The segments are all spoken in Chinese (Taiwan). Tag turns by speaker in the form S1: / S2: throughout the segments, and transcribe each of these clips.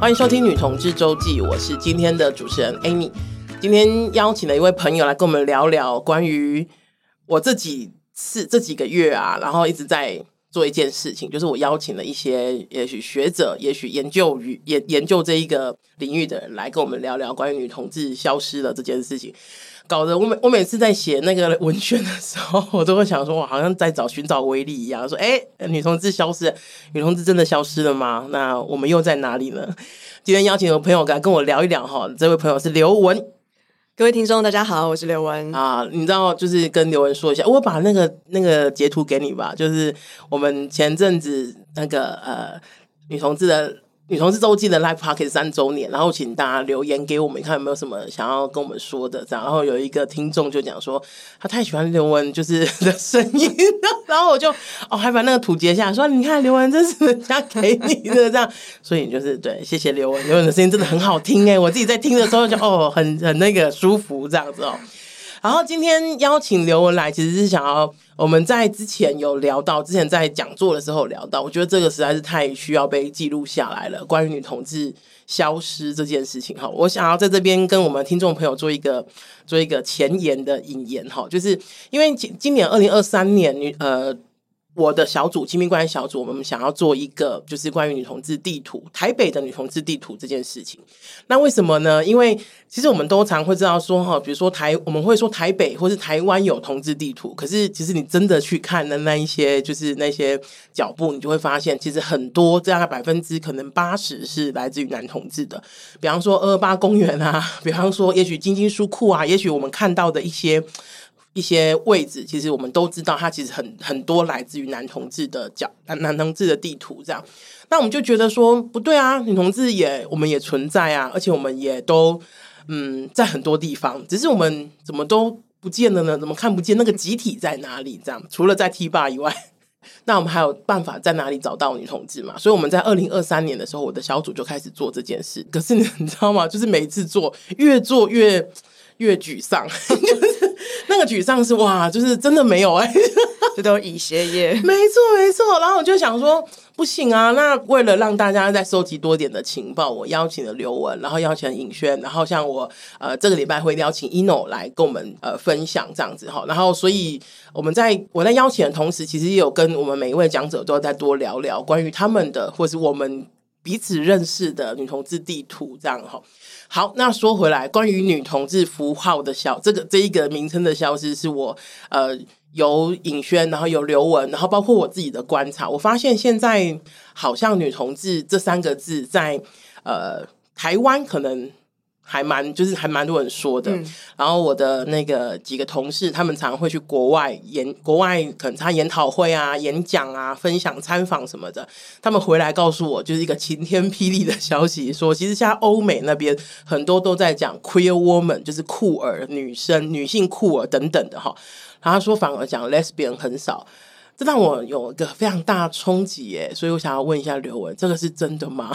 S1: 歡迎收聽《女同志週記》，我是今天的主持人 Amy。今天邀請了一位朋友來跟我們聊聊關於我這幾次，這幾個月啊，然後一直在做一件事情，就是我邀請了一些也許學者、也許研究與研研究這一個領域的人來跟我們聊聊關於女同志消失的這件事情。搞得我每我每次在寫那個文宣的時候，我都會想說，我好像在找尋找威力一樣。說，哎，女同志消失，女同志真的消失了嗎？那我們又在哪裡呢？今天邀請有朋友來跟我聊一聊哈。這位朋友是劉文，各位聽眾大家好，我是劉文啊。你知道，就是跟劉文說一下，我把那個那個截圖給你吧。就是我們前陣子那個呃女同志的。女同志週記的 Live Pocket 三周年，然後請大家留言給我們，看有沒有什麼想要跟我們說的這樣。然後有一個聽眾就講說，他太喜歡劉文就是的聲音，然後我就哦還把那個圖截下來，說你看劉文這是人家給你的這樣，所以就是對，謝謝劉文，劉文的聲音真的很好聽哎、欸，我自己在聽的時候就哦很很那個舒服這樣子哦。然後今天邀請劉文來，其實是想要。我們在之前有聊到，之前在講座的時候聊到，我覺得這個實在是太需要被記錄下來了。關於女同志消失這件事情，哈，我想要在這邊跟我們聽眾朋友做一個做一個前言的引言，哈，就是因為今今年二零二三年女呃。我的小組，親密關係小組，我們想要做一個，就是關於女同志地圖，台北的女同志地圖這件事情。那為什麼呢？因為其實我們都常會知道說，哈，比如說台，我們會說台北或是台灣有同志地圖，可是其實你真的去看的那一些，就是那些腳步，你就會發現，其實很多，大概百分之可能八十是來自於男同志的。比方說二二八公園啊，比方說也許晶晶書庫啊，也許我們看到的一些。一些位置，其實我們都知道，它其實很很多來自於男同志的角、男男同志的地圖，這樣。那我們就覺得說不對啊，女同志也我們也存在啊，而且我們也都嗯在很多地方，只是我們怎麼都不見了呢？怎麼看不見那個集體在哪裡？這樣，除了在 T 吧以外，那我們還有辦法在哪裡找到女同志嘛？所以我們在二零二三年的時候，我的小組就開始做這件事。可是你知道嗎？就是每一次做，越做越越沮喪， 就是。那個沮喪是哇，就是真的沒有哎，這都已歇業，沒錯沒錯。然後我就想說，不行啊，那為了讓大家再收集多點的情報，我邀請了劉文，然後邀請了尹軒，然後像我呃，這個禮拜會邀請 ino 來跟我們呃分享這樣子哈。然後，所以我們在我在邀請的同時，其實也有跟我們每一位講者都要再多聊聊關於他們的，或是我們。彼此認識的女同志地圖，這樣哈。好，那說回來，關於女同志符號的消失這個這一個名稱的消失，是我呃有尹軒，然後有劉文，然後包括我自己的觀察，我發現現在好像女同志這三個字在呃台灣可能，還蠻就是還蠻多人說的，嗯，然後我的那個幾個同事，他們常會去國外演國外可能他研討會啊、演講啊、分享參訪什麼的，他們回來告訴我，就是一個晴天霹靂的消息說，說其實現在歐美那邊很多都在講 queer woman，就是酷兒女生、女性酷兒等等的哈，然後他說反而講 lesbian 很少。這讓我有一個非常大的衝擊，耶，所以我想要問一下劉文，這個是真的嗎？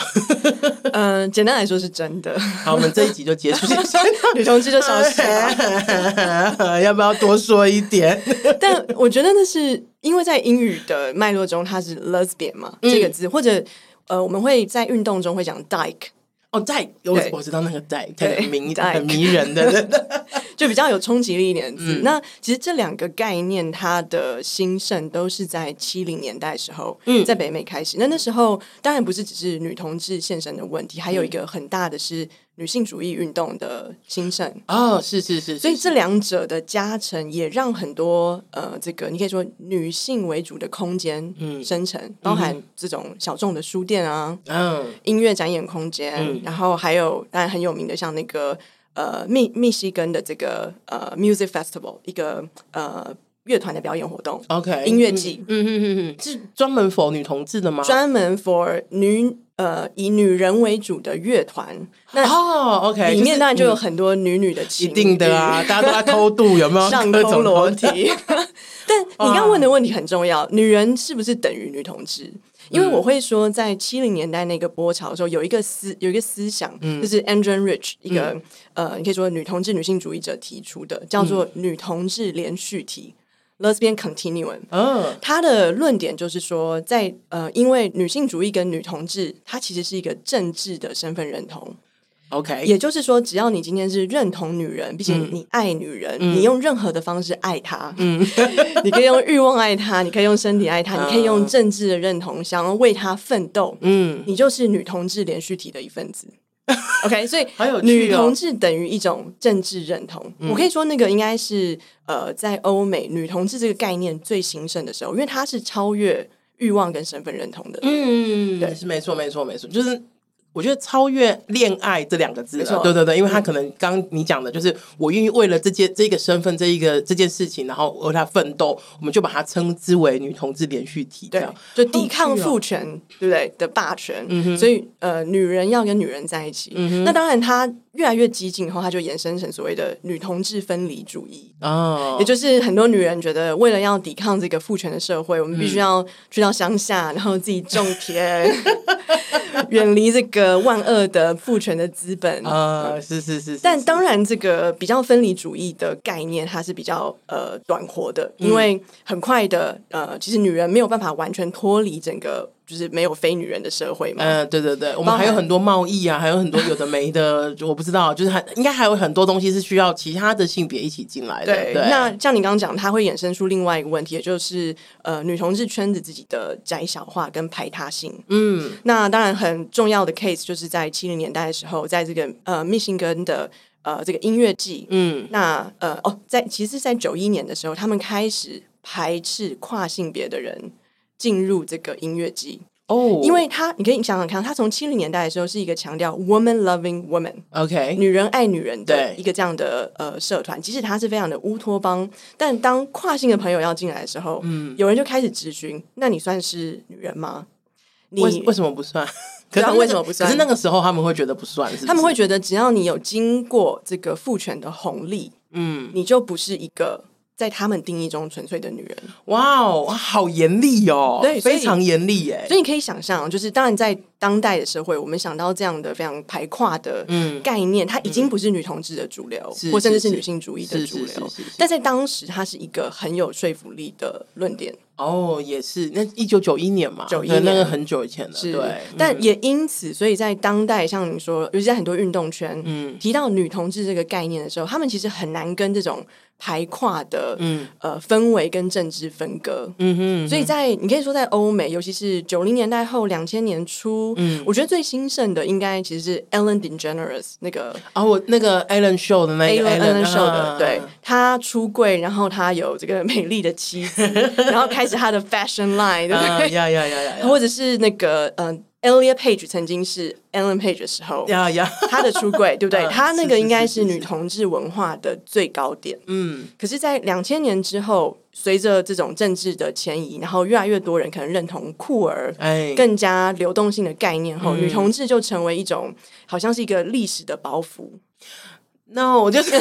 S2: 嗯、 呃，簡單來說是真的。
S1: 好，我們這一集就結束
S2: 女同志就消失了，
S1: 要不要多說一點？
S2: 但我覺得那是因為在英語的脈絡中，它是 lesbian 嘛、嗯，這個字，或者呃，我們會在運動中會講 dyke 哦、oh,，Dike 我我知道那個 Dike 很迷，很迷人的，Dike, 就比較有衝擊力一點的字、嗯。那其實這兩個概念，它的興盛都是在七零年代的時候、嗯，在北美開始。那那時候，當然不是只是女同志現身的問題，還有一個很大的是。女性主義運動的興盛啊、oh, 嗯，是是是，是，所以這兩者的加成也讓很多呃，這個你可以說女性為主的空間生成、嗯，包含這種小眾的書店啊，嗯，音樂展演空間、嗯，然後還有當然很有名的，像那個呃密密西根的這個呃 Music Festival 一個呃樂團的表演活動，OK，音樂季，嗯嗯嗯嗯，
S1: 嗯，嗯，是專門 for 女同志的嗎？專
S2: 門 for 女。呃，以女人為主的樂團，那哦，OK，裡面當然就有很多女女的情，oh, okay, 就是嗯，一定的啊，大家都在偷渡，有沒有上偷羅題。但你剛問的問題很重要，女人是不是等於女同志？因為我會說，在七零年代那個波潮的時候，有一個思有一個思想，嗯、就是 Adrienne Rich 一個、嗯、呃，你可以說女同志女性主義者提出的，叫做女同志連續體。Lesbian continuum，嗯、oh.，他的論點就是說在，在呃，因為女性主義跟女同志，她其實是一個政治的身份認同。OK，也就是說，只要你今天是認同女人，並且你愛女人，mm. 你用任何的方式愛她，嗯、mm. 你可以用欲望愛她，你可以用身體愛她，你可以用政治的認同，想要為她奮鬥，嗯、mm.，你就是女同志連續體的一份子。 OK，所以女同志等於一種政治認同。哦、我可以說，那個應該是呃，在歐美女同志這個概念最興盛的時候，因為它是超越慾望跟身份認同的。嗯，對，是沒錯，沒錯，沒錯，就
S1: 是。我覺得超越“戀愛”這兩個字，對對對，因為他可能剛你講的就是我願意為了這件、這個身份、這一個這件事情，然後為他奮鬥，我們就把它稱之為女同志連續體，對，
S2: 就抵抗父權、哦啊，對不對，對的霸權、嗯哼。所以呃，女人要跟女人在一起。嗯哼，那當然他。越來越激進以後，它就延伸成所謂的女同志分離主義哦、oh. 也就是很多女人覺得，為了要抵抗這個父權的社會，我們必須要去到鄉下，嗯、然後自己種田， 遠離這個萬惡的父權的資本啊，uh, 是,是,是是是。但當然，這個比較分離主義的概念，它是比較呃短活的，因為很快的呃，其實女人沒有辦法完全脫離整個。就是沒有非女人的社會嘛？
S1: 嗯、呃，對對對，我們還有很多貿易啊，還有很多有的沒的， 我不知道，就是還應該還有很多東西是需要其他的性別一起進來的對。對，那
S2: 像你剛剛講，它會衍生出另外一個問題，也就是呃女同志圈子自己的窄小化跟排他性。嗯，那當然很重要的 case 就是在七零年代的時候，在這個呃密歇根的呃這個音樂季，嗯，那呃哦，在其實，在九一年的時候，他們開始排斥跨性別的人。進入這個音樂祭哦，oh, 因為他你可以想想看，他從七零年代的時候是一個強調 woman loving woman OK 女人愛女人的一個這樣的呃社團，即使他是非常的烏托邦，但當跨性的朋友要進來的時候，嗯，有人就開始質詢：那你算是女人嗎？為你為什麼
S1: 不算？可是他 為什麼不算？可是那個時候他們會覺得不算是不是，他們
S2: 會覺得只要你有經過這個父權的紅利，嗯，你就不是一個。在他們定義中，純粹的女人，
S1: 哇哦，好嚴厲哦，對，非常嚴厲耶。所以你可
S2: 以想象，就是當然，在當代的社會，我們想到這樣的非常排跨的概念，嗯、它已經不是女同志的主流、嗯，或甚至是女性主義的主流。是是是是是是是是，但在當時，它是一個很有說服力的論點。哦，也是，那一九九一年嘛，九一年，那是很久
S1: 以前了，是對、嗯。但也
S2: 因此，所以在當代，像你說，尤其在很多運動圈，嗯，提到女同志這個概念的時候，他們其實很難跟這種。排跨的、嗯、呃氛圍跟政治分割，嗯哼嗯哼，所以在你可以說在歐美，尤其是九零年代後兩千年初，嗯，我覺得最興盛的應該其實是 Ellen DeGeneres 那個
S1: 哦、啊、我那個 Ellen Show 的那個 Ellen Show 的，對
S2: 他出櫃，然後他有這個美麗的妻子， 然後開始他的 fashion line，對不對，啊呀呀呀，uh, yeah, yeah, yeah, yeah. 或者是那個嗯。呃 Elliot Page 曾經是 Ellen Page 的時候，她、yeah, yeah. 他的出櫃 對不對？Uh, 他那個應該是女同志文化的最高點。嗯，可是，在兩千年之後，隨着這種政治的遷移，然後越來越多人可能認同酷兒，更加流動性的概念、哎、後，女同志就成為一種，好像是一個歷史的包袱。那
S1: 我就是，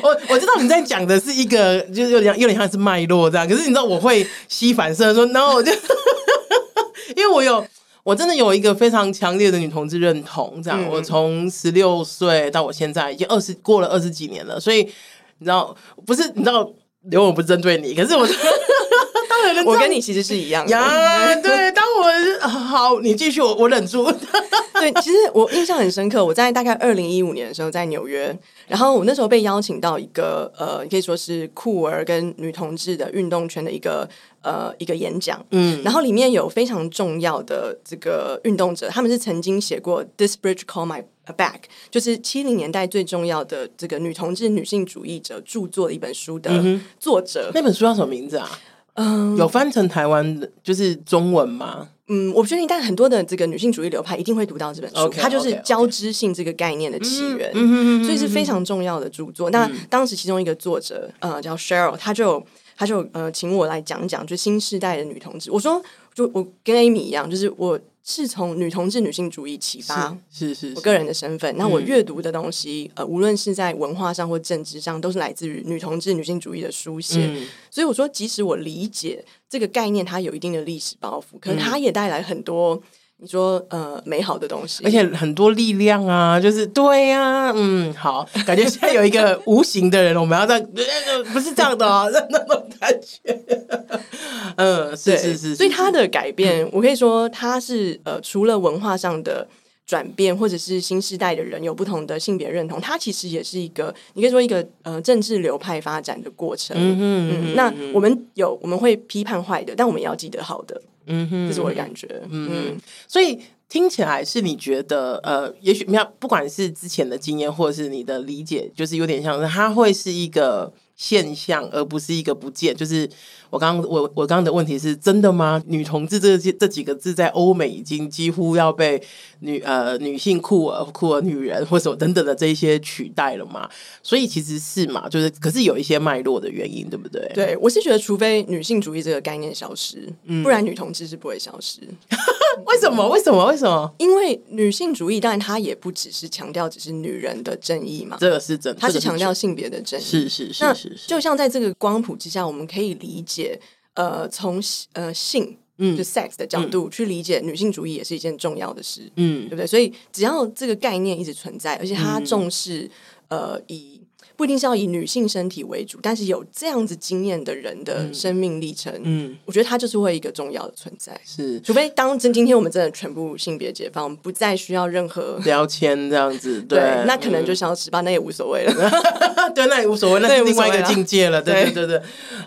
S1: 我我知道你在講的是一個，就是、有點 有點像是脈絡這樣。可是你知道，我會膝反射說，那我就， 因為我有。我真的有一個非常強烈的女同志認同，這樣。嗯、我從十六歲到我現在已經二十，過了二十幾年了，所以你知道，不是，你知道劉文，我不針對你，可是我。 我跟你其實是一樣的啦啦對。
S2: 當我好，你繼續，我我忍住。 對，其實我印象很深刻。我在大概二零一五年的時候在紐約，然後我那時候被邀請到一個呃，你可以說是酷兒跟女同志的運動圈的一個呃一個演講。嗯，然後裡面有非常重要的這個運動者，他們是曾經寫過《This Bridge Called My Back》，就是七零年代最重要的這個女同志女性主義者著作的一本書的作者。嗯、那本書叫什麼名字啊？嗯、um，有翻
S1: 成台灣的，就是中文嗎？
S2: 嗯，我不確定，但很多的這個女性主義流派一定會讀到這本書，okay, okay, okay. 它就是交織性這個概念的起源，okay, okay. 所以是非常重要的著作。那，嗯嗯嗯、當時其中一個作者，嗯、呃叫 Sheryl，她就她就呃請我來講講，就新時代的女同志。我說，就我跟 Amy 一樣，就是我。是從女同志女性主義啟發，是是，我個人的身份。那我閱讀的東西、嗯，呃，無論是在文化上或政治上，都是來自於女同志女性主義的書寫。嗯、所以我說，即使我理解這個概念，它有一定的歷史包袱，可它也帶來很多。你說呃，美好的東西，而且
S1: 很多力量啊，就是對呀、啊，嗯，好，感覺現在有一個無形的人，我們要在
S2: 呃，不是這樣的哦、啊，那種感覺，嗯，是對是
S1: 是，是，所以他
S2: 的改變，嗯、我可以說他是呃，除了文化上的轉變，或者是新時代的人有不同的性別認同，他其實也是一個，你可以說一個呃，政治流派發展的過程，嗯哼嗯哼嗯，哼嗯，那我們有我們會批判壞的，但我們也要記得好的。
S1: 嗯哼，這、 就是我的感覺。嗯。嗯，嗯， 所以聽起來是你覺得，呃，也許你不管是之前的經驗，或是你的理解，就是有點像是它會是一個。現象，而不是一個不見。就是我剛剛，我我剛剛的問題是真的嗎？女同志這這幾個字在歐美已經幾乎要被女呃女性酷兒酷兒女人或什麼、等等的這一些取代了嗎？所以其實是嘛，就是可是有一些脈絡的原因，對不對？對，
S2: 我是覺得，除非女性主義這個概念消失，嗯、不然女同志是不會消失。 為什麼？為什麼？為什麼？嗯，因為女性主義，當然它也不只是強調只是女人的正義嘛，這個是正。它是強調性別的正義，是，真那是是是，是，是，是，就像在這個光譜之下，我們可以理解，呃，從呃性，嗯，就 sex 的角度，嗯，去理解女性主義也是一件重要的事，嗯，對不對？所以只要這個概念一直存在，而且它重視，嗯，呃，以。不一定是要以女性身體為主，但是有這樣子經驗的人的生命歷程，嗯，我覺得它就是會一個重要的存在。是，除非當真，今天我們真的全部性別解放，不再需要任何標
S1: 籤這樣子，對，對，那可能就
S2: 消失吧，那也無所謂了。
S1: 對，那也無所謂，那是另外一個境界了。對對對對，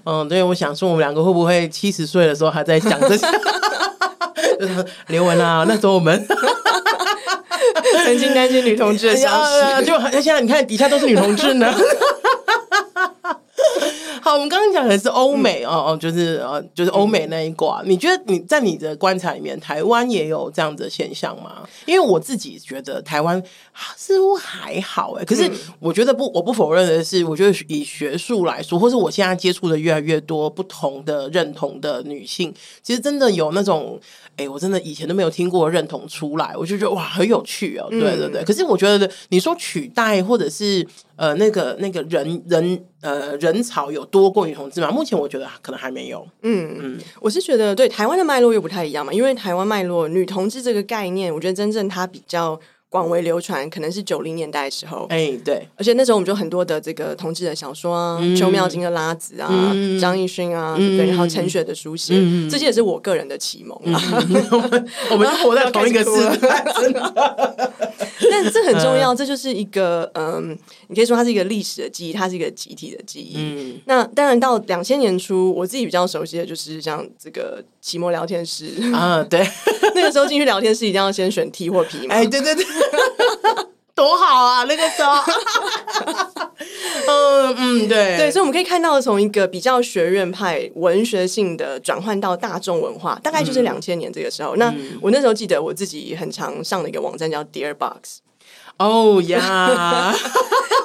S1: 嗯，所以我想說，我們兩個會不會七十歲的時候還在想這些？ 劉 文啊，那時候我們。 曾經擔心女同志的消息，就、 哎哎、現在你看底下都是女同志呢！ 好，我們剛剛講的是歐美哦、嗯、哦，就是呃、哦，就是歐美那一掛、嗯。你覺得你在你的觀察裡面，台灣也有這樣子的現象嗎？因為我自己覺得台灣似乎還好哎、欸，可是我覺得不，我不否認的是，我覺得以學術來說，或是我現在接觸的越來越多不同的認同的女性，其實真的有那種，哎、欸，我真的以前都沒有聽過認同出來，我就覺得哇，很有趣哦、喔。對對對、嗯，可是我覺得你說取代或者是。呃，那個那個人人呃人潮有多
S2: 過女同志嗎？目前我覺得可能還沒有。嗯嗯，我是覺得對台灣的脈絡又不太一樣嘛，因為台灣脈絡女同志這個概念，我覺得真正它比較。廣為流傳，可能是九零年代的時候。哎、欸，對，而且那時候我們就很多的這個同志的小說啊，邱、嗯、妙津的《拉子》啊，嗯、張亦絢啊，對、對、嗯，然後陳雪的書寫，嗯、這些也是我個人的啟蒙、啊嗯 我。我們我們是活在同一個時代、啊，真的。但這很重要，這就是一個嗯、呃，你可以說它是一個歷史的記憶，它是一個集體的記憶。嗯、那當然到兩千年初，我自己比較熟悉的就是像這個《奇摩聊天室》啊，對， 那個時候進去聊天室一定要先選 T 或 P 嘛。哎、欸，對對、對。 多好啊！那個時候、 呃，嗯嗯，對對，所以我們可以看到，從一個比較學院派文學性的轉換到大眾文化，大概就是兩千年這個時候、嗯。那我那時候記得，我自己很常上的一個網站叫 Dearbox。哦呀，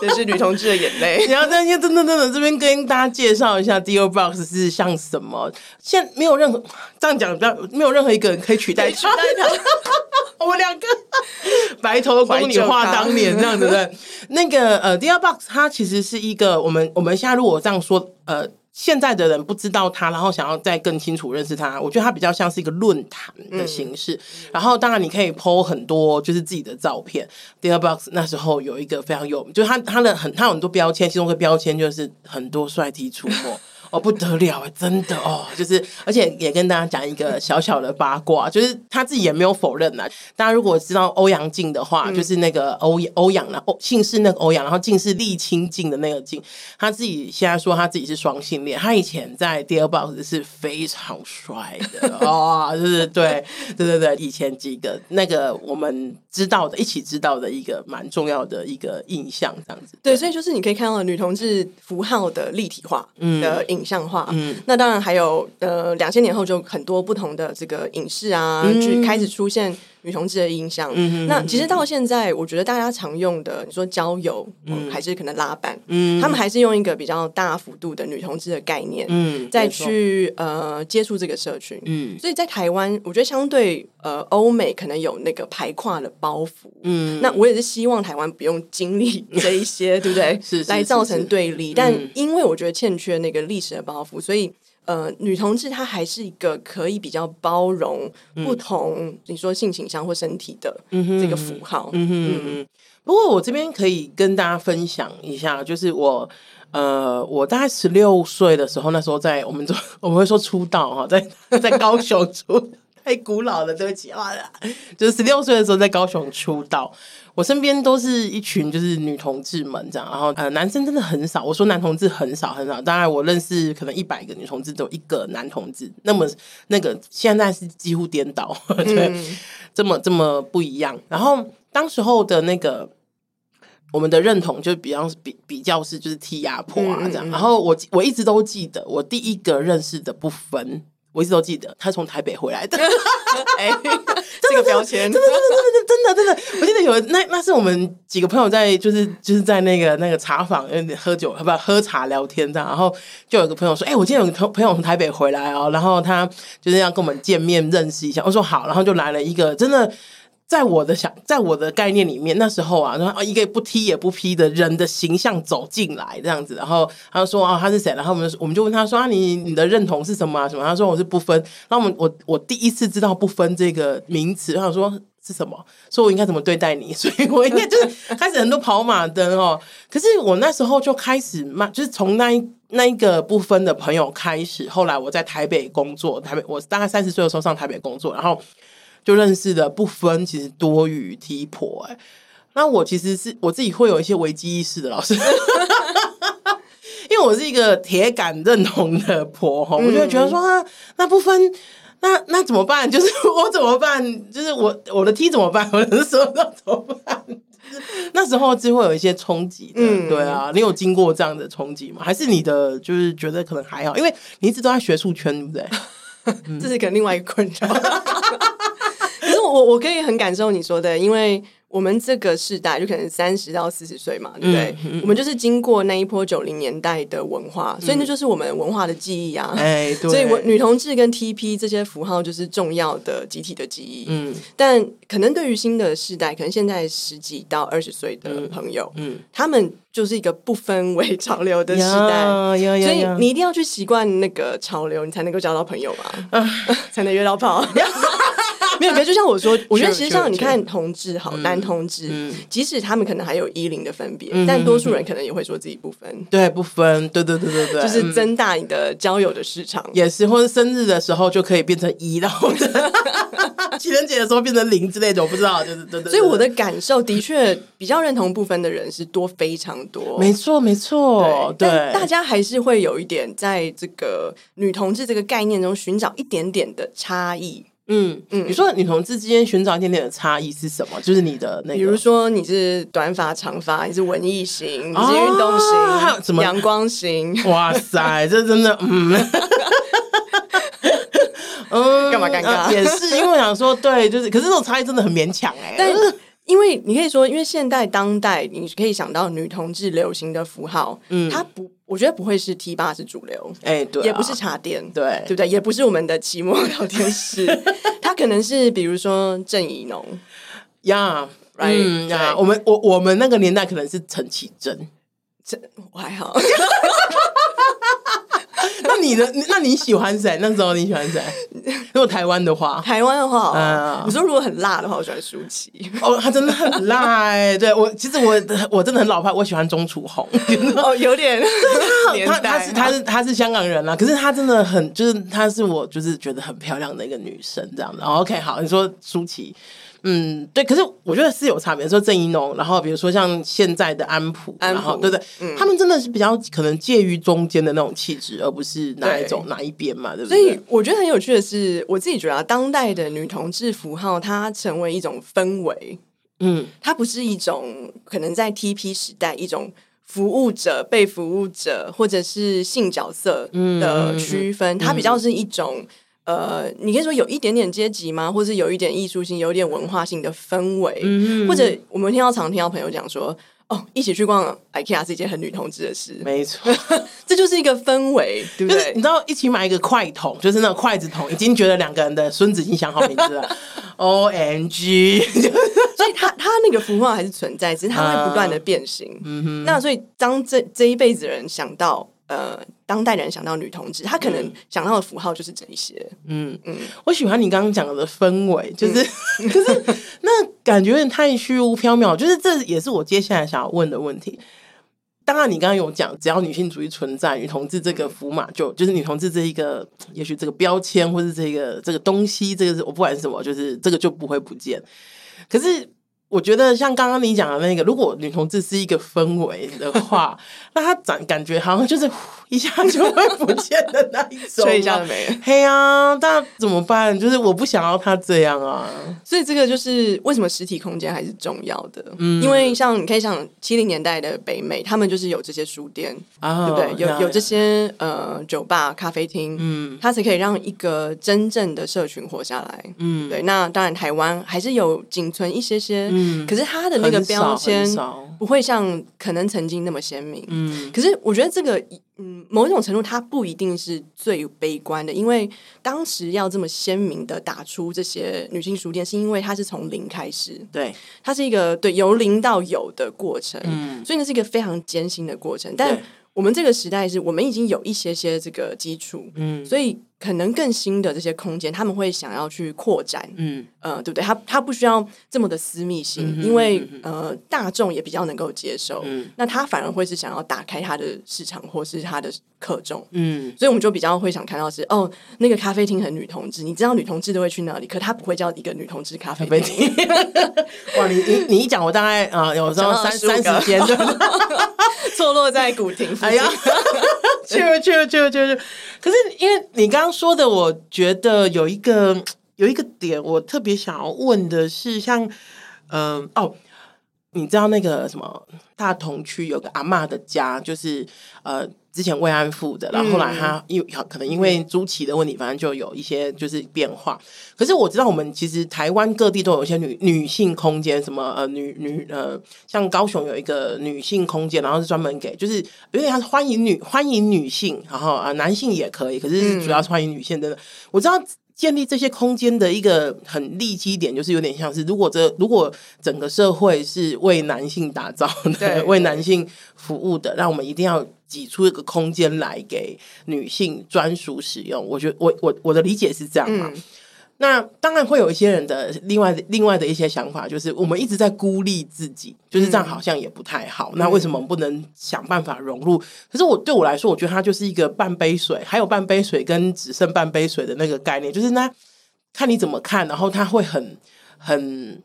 S2: 這是女同志的眼淚。然
S1: 後，那那等、等、等。這邊跟大家介紹一下，Dear Box 是像什麼？現在沒有任何這樣講，沒有沒有任何一個人可以取代以取代他 我們兩個白頭共你話當年 這樣對不對？那個呃，Dear Box 它其實是一個，我們我們現在如果這樣說呃。現在的人不知道他，然後想要再更清楚認識他，我覺得他比較像是一個論壇的形式。嗯、然後當然你可以 PO 很多就是自己的照片，Dearbox、嗯、那時候有一個非常有，就是他他的很他有很多標籤，其中一個標籤就是很多帥 T 出沒。 哦，不得了哎，真的哦，就是，而且也跟大家講一個小小的八卦，就是他自己也沒有否認吶、啊。大家如果知道歐陽靖的話、嗯，就是那個歐歐陽，然後姓氏那個歐陽，然後靖是瀝青靖的那個靖，他自己現在說他自己是雙性戀。他以前在《The Box》是非常帥的啊、 哦，就是對對對對，以前幾個那個我們知道的一起知道的一個蠻重要的一個印象這樣子。
S2: 對，所以就是你可以看到女同志符號的立體化的印嗯。的影。影像化，嗯，那當然還有，呃，兩千年後就很多不同的這個影視啊劇，嗯，開始出現。女同志的印象，嗯，那其實到現在，我覺得大家常用的，你說交友、嗯嗯，還是可能拉板，嗯，他們還是用一個比較大幅度的女同志的概念，嗯，再去呃接觸這個社群，嗯，所以在台灣，我覺得相對呃歐美可能有那個排跨的包袱，嗯，那我也是希望台灣不用經歷 這一些，對不對？是，是，是，是來造成對立是是是，嗯，但因為我覺得欠缺那個歷史的包袱，所以。呃，女同志她還是一個可以比較包容不同，你說性傾向或身體的這個符號。嗯嗯嗯，嗯，嗯。不過我
S1: 這邊可以跟大家分享一下，就是我呃，我大概十六歲的時候，那時候在我們做，我們會說出道哈，在在高雄出， 太古老了，對不起啊，就是十六歲的時候在高雄出道。我身邊都是一群就是女同志們這樣，然後呃男生真的很少。我說男同志很少很少，當然我認識可能一百個女同志，只有一個男同志。那麼那個現在是幾乎顛倒，對，這麼這麼不一樣。然後當時候的那個我們的認同就比較比比較是就是踢壓迫啊這樣。然後我我一直都記得，我第一個認識的不分。我一直都記得，他從台北回來的。哎、 欸， 真的真的 這個標籤，真的，真的，真的，真的，真的，真的。我記得有那那是我們幾個朋友在，就是就是在那個那個茶坊喝酒，不喝茶聊天這樣。然後就有個朋友說：“哎、欸，我今天有個朋朋友從台北回來哦、喔，然後他就這樣跟我們見面認識一下。”我說：“好。”然後就來了一個真的。在我的想，在我的概念裡面，那時候啊，然後啊，一個不踢也不批的人的形象走進來，這樣子，然後他就說啊、哦，他是誰？然後我們我們就問他說啊，你你的認同是什麼啊？什麼？他說我是不分。那我們我我第一次知道不分這個名詞。他說是什麼？說我應該怎麼對待你？所以我應該就是開始很多跑馬燈哦。 可是我那時候就開始嘛，就是從那那一個不分的朋友開始。後來我在台北工作，台北我大概三十歲的時候上台北工作，然後。就認識的不分，其實多於踢婆哎、欸。那我其實是我自己會有一些危機意識的，老師， 因為我是一個鐵桿認同的婆哈，我就覺,覺得說，那那不分，那那怎麼辦？就是我怎麼辦？就是我我的踢怎麼辦？我的手怎麼辦？麼辦就是、那時候就會有一些衝擊的，對啊，你有經過這樣的衝擊嗎？還是你的就是覺得可能還好，因為你一直都在學術圈，對不對？
S2: 這是可能另外一個困擾。嗯 我我可以很感受你說的，因為我們這個世代就可能三十到四十歲嘛，對不對、嗯嗯？我們就是經過那一波九零年代的文化、嗯，所以那就是我們文化的記憶啊。哎，對，所以我女同志跟 TP 這些符號就是重要的集體的記憶。嗯，但可能對於新的世代，可能現在十幾到二十歲的朋友，嗯，嗯他們就是一個不分為潮流的時代。有有，所以你一定要去習慣那個潮流，你才能夠交到朋友嘛，啊、 才能約到炮。 沒有，可就像我說，我覺得其實上你看同志好，男同志、嗯，即使他們可能還有一零的分別、嗯，但多數人可能也會說自己不分。
S1: 對、嗯，不分，對對對對對，就是增
S2: 大你的交友的市場，嗯、
S1: 也是。或者生日的時候就可以變成一，然後
S2: 情、就是嗯、 人節的時候變成零之類的，我不知道，就是對，對對。所以我的感受的確比較認同不分的人是多非常多，嗯、沒
S1: 錯沒錯，對，對對大家
S2: 還是會有一點在這個女同志這個概念中尋找一點點的差異。嗯嗯，你、嗯、說女同志之間尋找一點點的
S1: 差異是什麼？就是你的
S2: 那個，比如說你是短髮、長髮，你是文藝型、哦，你是運動型，什麼陽光型？哇
S1: 塞，這真的， 嗯，
S2: 幹嘛尷尬？呃、也是，因為
S1: 我想說，對，就是，可是這種差異真的很勉強哎、欸，
S2: 因為你可以說，因為現代當代你可以想到女同志流行的符號，嗯，她不，我覺得不會是 T 八是主流，哎、欸，對、啊，也不是茶店，對，對不對？也不是我們的期末聊天室，他 可能是比如說鄭宜農呀、yeah, Right 呀、um, yeah，我們我我們那個
S1: 年代可能是陳綺貞，這
S2: 我還好。
S1: 那你的，那你喜歡誰？那時候你喜歡誰？如果台灣的話，台灣的話，嗯，你說
S2: 如果很辣的話，我喜歡舒淇。
S1: 哦，她真的很辣欸。對我，其實我我真的很老派。我喜歡鍾楚紅。
S2: 哦，有點年代。她她他，他是她是她是，是
S1: 香港人啊，可是他真的很，就是他是我就是覺得很漂亮的一個女生，這樣的。哦。OK，好，你說舒淇。嗯，對，可是我覺得是有差別，說鄭宜農，然後比如說像現在的安普，安普，然後對不對？他、嗯、們真的是比較可能介於中間的那種氣質，而不是哪一種哪一邊嘛，對不對？所以
S2: 我覺得很有趣的是，我自己覺得當代的女同志符號，它成為一種氛圍，嗯，它不是一種可能在 TP 時代一種服務者被服務者或者是性角色的區分，嗯、它比較是一種。嗯嗯呃，你可以說有一點點階級嗎？或是有一點藝術性、有一點文化性的氛圍，嗯？或者我們聽到常聽到朋友講說，哦，一起去逛 IKEA 是一件很女同志的事。沒錯， 這就是一個氛圍，
S1: 對不對？就是，你知道一起買一個筷筒，就是那個筷子筒，已經覺得兩個人的孫子已經想好名字
S2: 了。 OMG， 所以他，他他那個符號還是存在，只是他會不斷的變形。嗯哼。那所以，當這這一輩子人想到呃。當代人想到女同志，她可能想到的符號就是這一些。嗯嗯，
S1: 我喜歡你剛剛講的氛圍、嗯，就是可、嗯 就是那感覺有點太虛無縹緲。就是這也是我接下來想要問的問題。當然，你剛剛有講，只要女性主義存在，女同志這個符碼就就是女同志這一個，也許這個標籤，或是這個這個東西，這個我不管是什麼，就是這個就不會不見。可是我覺得像剛剛你講的那個，如果女同志是一個氛圍的話， 那她感感覺好像就是。 一
S2: 下就會不見的
S1: 那一種，嘿啊！那、 hey 啊、怎麼辦？就是我不想要他這樣啊！
S2: 所以這個就是為什麼實體空間還是重要的、嗯，因為像你可以想七零年代的北美，他們就是有這些書店，哦、對不對？有、啊、有這些、啊、呃酒吧、咖啡廳，嗯，它才可以讓一個真正的社群活下來，嗯，對。那當然台灣還是有僅存一些些，嗯，可是它的那個標籤不會像可能曾經那麼鮮明，嗯，可是我覺得這個。嗯，某一種程度，它不一定是最悲觀的，因為當時要這麼鮮明的打出這些女性書店，是因為它是從零開始，對，嗯，它是一個對由零到有的過程，嗯，所以那是一個非常艱辛的過程。但我們這個時代，是我們已經有一些些這個基礎，嗯，所以。可能更新的這些空間，他們會想要去擴展，嗯，呃，對不對？他他不需要這麼的私密性，嗯、因為、嗯、呃，大眾也比較能夠接受、嗯。那他反而會是想要打開他的市場或是他的客重。嗯，所以我們就比較會想看到是，哦，那個咖啡廳很女同志，你知道女同志都會去那裡，可他不會叫一個女同志咖啡
S1: 廳。咖啡廳 哇，你你你一講，我大概呃有時候三十五個
S2: 坐 落在古亭，哎呀，
S1: 去去去去可是因為你剛。剛說的，我覺得有一個有一個點，我特別想要問的是，像，嗯、呃，哦。你知道那個什麼大同區有個阿嬤的家，就是呃之前慰安婦的，然後後來他因可能因為租期的問題，反正就有一些就是變化。可是我知道，我們其實台灣各地都有一些女女性空間，什麼呃女女呃，像高雄有一個女性空間，然後是專門給，就是因為她是歡迎女歡迎女性，然後啊、呃、男性也可以，可是主要是歡迎女性。真的，我知道。建立這些空間的一個很立基點，就是有點像是，如果這如果整個社會是為男性打造，對，對，為男性服務的，讓我們一定要擠出一個空間來給女性專屬使用。我覺得，我我我的理解是這樣嘛。嗯那當然會有一些人的另外另外的一些想法，就是我們一直在孤立自己，就是這樣好像也不太好。嗯、那為什麼我們不能想辦法融入？嗯、可是，我對我來說，我覺得它就是一個半杯水，還有半杯水跟只剩半杯水的那個概念，就是那看你怎麼看，然後他會很很，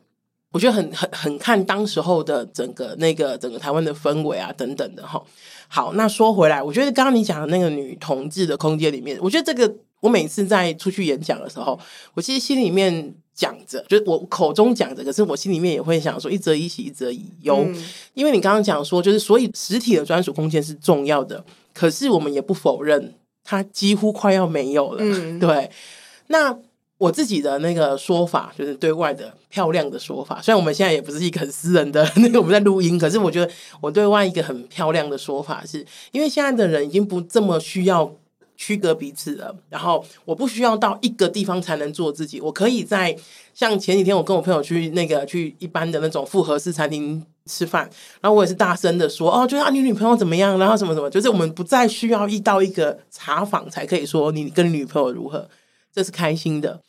S1: 我覺得很很很看當時候的整個那個整個台灣的氛圍啊等等的吼。好，那說回來，我覺得剛剛你講的那個女同志的空間裡面，我覺得這個。我每次在出去演講的時候，我其實心裡面講着，就我口中講着，可是我心裡面也會想說，一則以喜，一則以憂、嗯。因為你剛剛講說，就是所以實體的專屬空間是重要的，可是我們也不否認它幾乎快要沒有了。嗯、對，那我自己的那個說法，就是對外的漂亮的說法。雖然我們現在也不是一個很私人的那個， 我們在錄音，可是我覺得我對外一個很漂亮的說法是，是因為現在的人已經不這麼需要區隔彼此了，然後我不需要到一個地方才能做自己，我可以在像前幾天我跟我朋友去那個去一般的那種複合式餐廳吃飯，然後我也是大聲的說哦，就是啊，你女朋友怎麼樣，然後什麼什麼，就是我們不再需要遇到一個茶坊才可以說你跟你女朋友如何，這是開心的。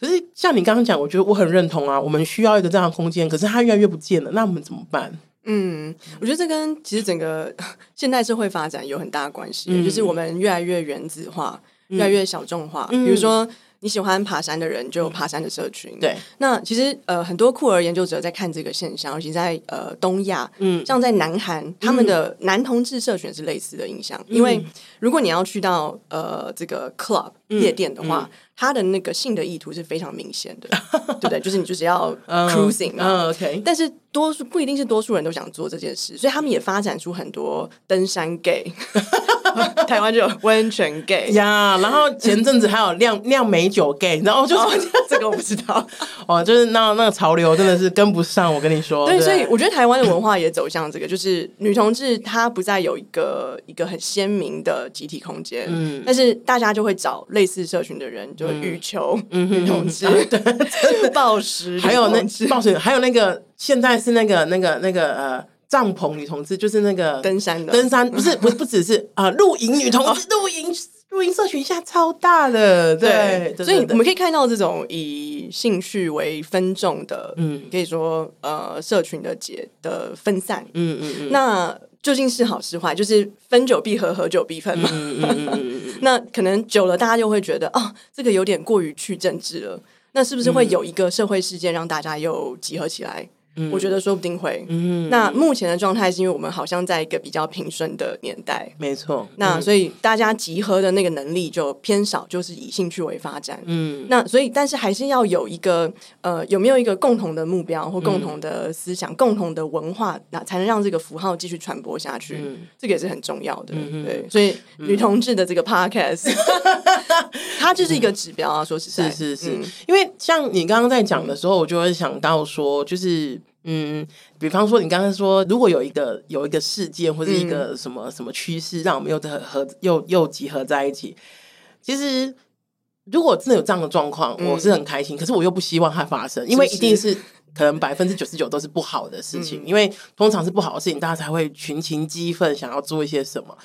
S1: 可是像你剛剛講，我覺得我很認同啊，我們需要一個這樣的空間，可是它越來越不見了，那我們怎麼辦？
S2: 嗯，我覺得這跟其實整個現代社會發展有很大關係，嗯，就是我們越來越原子化，嗯，越來越小眾化，嗯，比如說。你喜歡爬山的人，就爬山的社群。對、嗯，那其實呃，很多酷兒研究者在看這個現象，尤其在呃東亞，嗯，像在南韓、嗯，他們的男同志社群是類似的印象。嗯、因為如果你要去到呃這個 club 夜店的話，嗯嗯，他的那個性的意圖是非常明顯的、嗯，對不對？就是你就是要 cruising 嘛，嗯，嗯 OK。但是多數不一定是多數人都想做這件事，所以他們也發展出很多登山 gay。 台灣就有溫泉
S1: gay，呀，yeah, 然後前陣子還有釀釀 美酒 gay，然後我就說、oh, 這個我不知道， 哦，就是那那個潮流，真的是跟不上，我跟你說對。對，所以我
S2: 覺得台灣的文化也走向這個， 就是女同志她不再有一個 一個很鮮明的集體空間、嗯，但是大家就會找類似社群的人，就羽、是、球、嗯 啊、 女同志，對，暴食，還有那暴食，
S1: 還有那個現在是那個那個那個呃。帳篷女同志，就是那個登山的、登山，不是不是 不只是啊、呃、露營女同志露營露營社群下超大的對，對，所以我們可以
S2: 看到這種以興趣為分眾的，嗯，可以說呃，社群的結的分散，嗯嗯嗯。那究竟是好是壞？就是分久必合，合久必分嘛。嗯嗯嗯、 那可能久了，大家就會覺得哦、啊，這個有點過於去政治了。那是不是會有一個社會事件讓大家又集合起來？嗯嗯、我覺得說不定會。嗯、那目前的狀態是因為我們好像在一個比較平順的年代，
S1: 沒錯。那所以
S2: 大家集合的那個能力就偏少，就是以興趣為發展。嗯，那所以但是還是要有一個呃，有沒有一個共同的目標或共同的思想、嗯、共同的文化，那才能讓這個符號繼續傳播下去。嗯，這個也是很重要的。嗯、對，所以女同志的這個 podcast，、嗯、 它就是一個指標啊。說實在，是是是，嗯、因為像你剛剛
S1: 在講的時候，我就會想到說，就是。嗯，比方說，你剛剛說，如果有一個有一個事件或者一個什麼、嗯、什麼趨勢，讓我們又合合又又集合在一起，其實如果真的有這樣的狀況、嗯，我是很開心。可是我又不希望它發生，是不是？因為一定是可能百分之九十九都是不好的事情、嗯。因為通常是不好的事情，大家才會群情激憤，想要做一些什麼。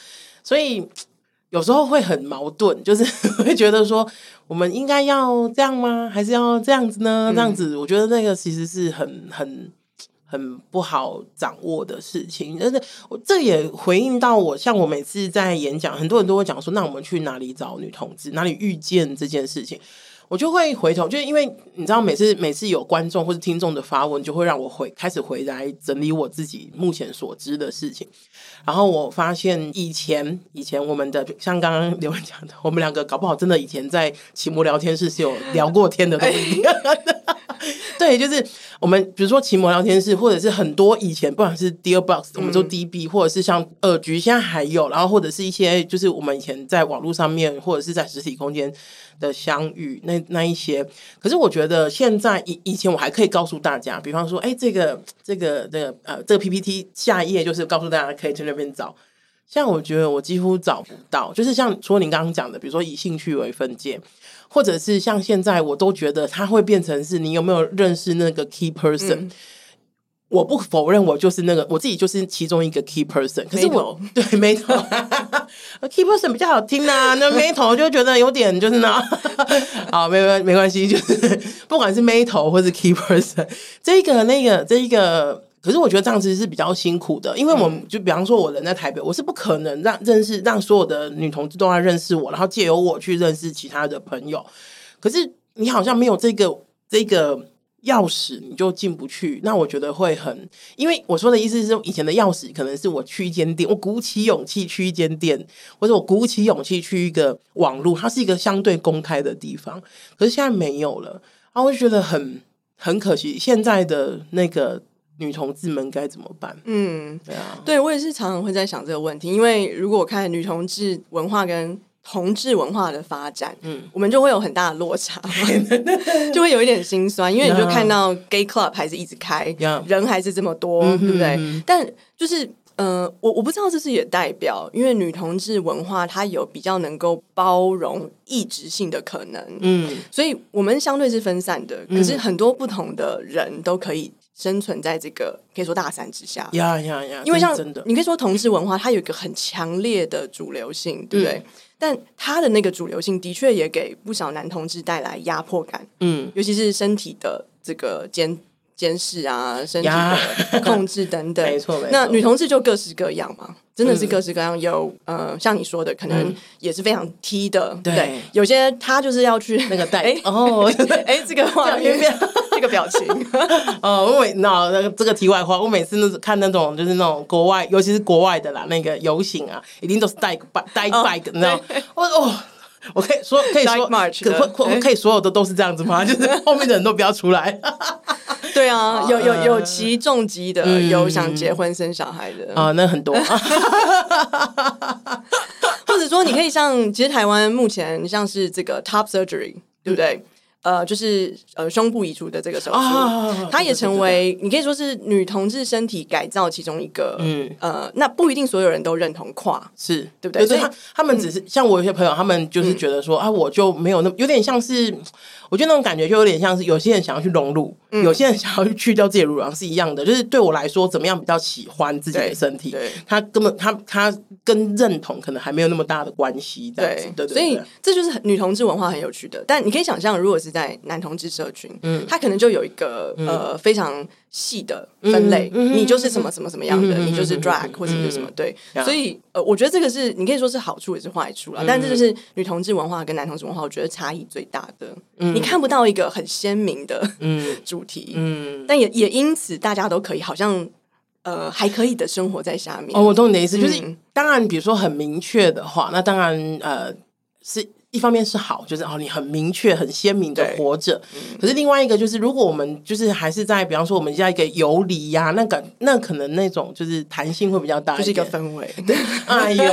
S1: 所以有時候會很矛盾，就是會覺得說，我們應該要這樣嗎？還是要這樣子呢？這樣子，嗯、我覺得那個其實是很很。很不好掌握的事情，但是我這也回應到我，像我每次在演講，很多人都會講說，那我們去哪裡找女同志，哪裡遇見這件事情，我就會回頭，就是因為你知道，每次每次有觀眾或是聽眾的發文，就會讓我回開始回來整理我自己目前所知的事情，然後我發現以前以前我們的像剛剛劉文講的，我們兩個搞不好真的以前在奇摩聊天室是有聊過天的東西，哎、 對，就是。我們比如說奇摩聊天室，或者是很多以前不管是 Dear Box 我們做 DB，、嗯、或者是像二局現在還有，然後或者是一些就是我們以前在網絡上面或者是在實體空間的相遇那那一些。可是我覺得現在以以前我還可以告訴大家，比方說，哎、欸，這個這個這個呃，這個 PPT 下一頁就是告訴大家可以去那邊找。現在我覺得我幾乎找不到，就是像說您剛剛講的，比如說以興趣為分界。或者是像現在，我都覺得他會變成是，你有沒有認識那個 key person？嗯、我不否認，我就是那個我自己就是其中一個 key person。可是我對，沒錯 ，key person 比較好聽啊。那 m t 眉頭就覺得有點就是呢， 好，沒關、沒關係，就是不管是 m 眉頭或是 key person，這個那個這一個。可是我覺得這樣子是比較辛苦的，因為我們就比方說，我人在台北，嗯，我是不可能讓認識讓所有的女同志都要認識我，然後借由我去認識其他的朋友。可是你好像沒有這個這個鑰匙，你就進不去。那我覺得會很，因為我說的意思是，以前的鑰匙可能是我去一間店，我鼓起勇氣去一間店，或者我鼓起勇氣去一個網絡，它是一個相對公開的地方。可是現在沒有了啊，我就覺得很很可惜。現在的那個。女同志們該怎麼辦？嗯，yeah.
S2: 對啊，對我也是常常會在想這個問題。因為如果我看女同志文化跟同志文化的發展，嗯，我們就會有很大的落差， 就會有一點心酸。因為你就看到 Gay Club 還是一直開，yeah. 人還是這麼多，yeah. 對不對？Mm-hmm. 但就是，嗯、呃，我我不知道這是也代表，因為女同志文化它有比較能夠包容異質性的可能，嗯，所以我們相對是分散的，可是很多不同的人都可以。生存在這個可以說大山之下，yeah, yeah, yeah, 因為像你可以說同志文化，它有一個很強烈的主流性，嗯、對不對？但它的那個主流性的確也給不少男同志帶來壓迫感，嗯，尤其是身體的這個監監視啊，身體的控制等等， 沒錯。那女同志就各式各樣嘛。真的是各式各樣有，有、嗯、呃，像你說的，可能也是非常 T 的，嗯、對,對，有些他就是要去那個帶、欸。哦，後 哎、欸，這個畫面，
S1: 這個表情， 哦，我每那、no, 這個題外話，我每次都是看那種，就是那種國外，尤其是國外的啦，那個遊行啊，一定都是帶個帶帶個，你知道，我 哦。我可以說可以說、like、March 可可、uh, 可以所有的都是這樣子嗎？Uh, 就是後面的人都不要出來 。
S2: 對啊，有有有騎重機的，uh, 有想結婚生小孩的
S1: 啊，uh, 嗯 uh, 那很多、啊。
S2: 或者說你可以像，其實台灣目前像是這個 top surgery，對不對？嗯呃，就是呃，胸部移除的這個手術，哦，它也成為你可以說是女同志身體改造其中一個。嗯，呃，那不一定所有人都認同跨，
S1: 是對不對？對，所以他，他們只是，嗯，像我有些朋友，他們就是覺得說，嗯，啊，我就沒有那麼，有點像是我覺得那種感覺，就有點像是有些人想要去融入，嗯，有些人想要去去掉自己乳房是一樣的。就是對我來說，怎麼樣比較喜歡自己的身體，對。對他根本他他跟認同可能還沒有那麼大的關係，對這樣子。對，所以對
S2: 這就是女同志文化很有趣的。但你可以想象，如果是。在男同志社群、嗯，他可能就有一個、嗯、呃非常細的分類、嗯嗯，你就是什麼什麼什麼樣的，嗯、你就是 drag、嗯、或者是什麼，什麼對、嗯，所以呃，我覺得這個是你可以說是好處也是壞處了、嗯，但這就是女同志文化跟男同志文化，我覺得差異最大的、嗯，你看不到一個很鮮明的主題，嗯，嗯但也也因此大家都可以好像呃還可以的生活在下面。哦，我懂你的意思，嗯、就是
S1: 當然，比如說很明確的話，那當然呃是。一方面是好，就是哦，你很明確、很鮮明的活着。可是另外一個就是，如果我們就是還是在，比方說我們在一個遊離呀，那感、個、那可能那種就是彈性會比較大，就是一個氛圍。對， 哎呦，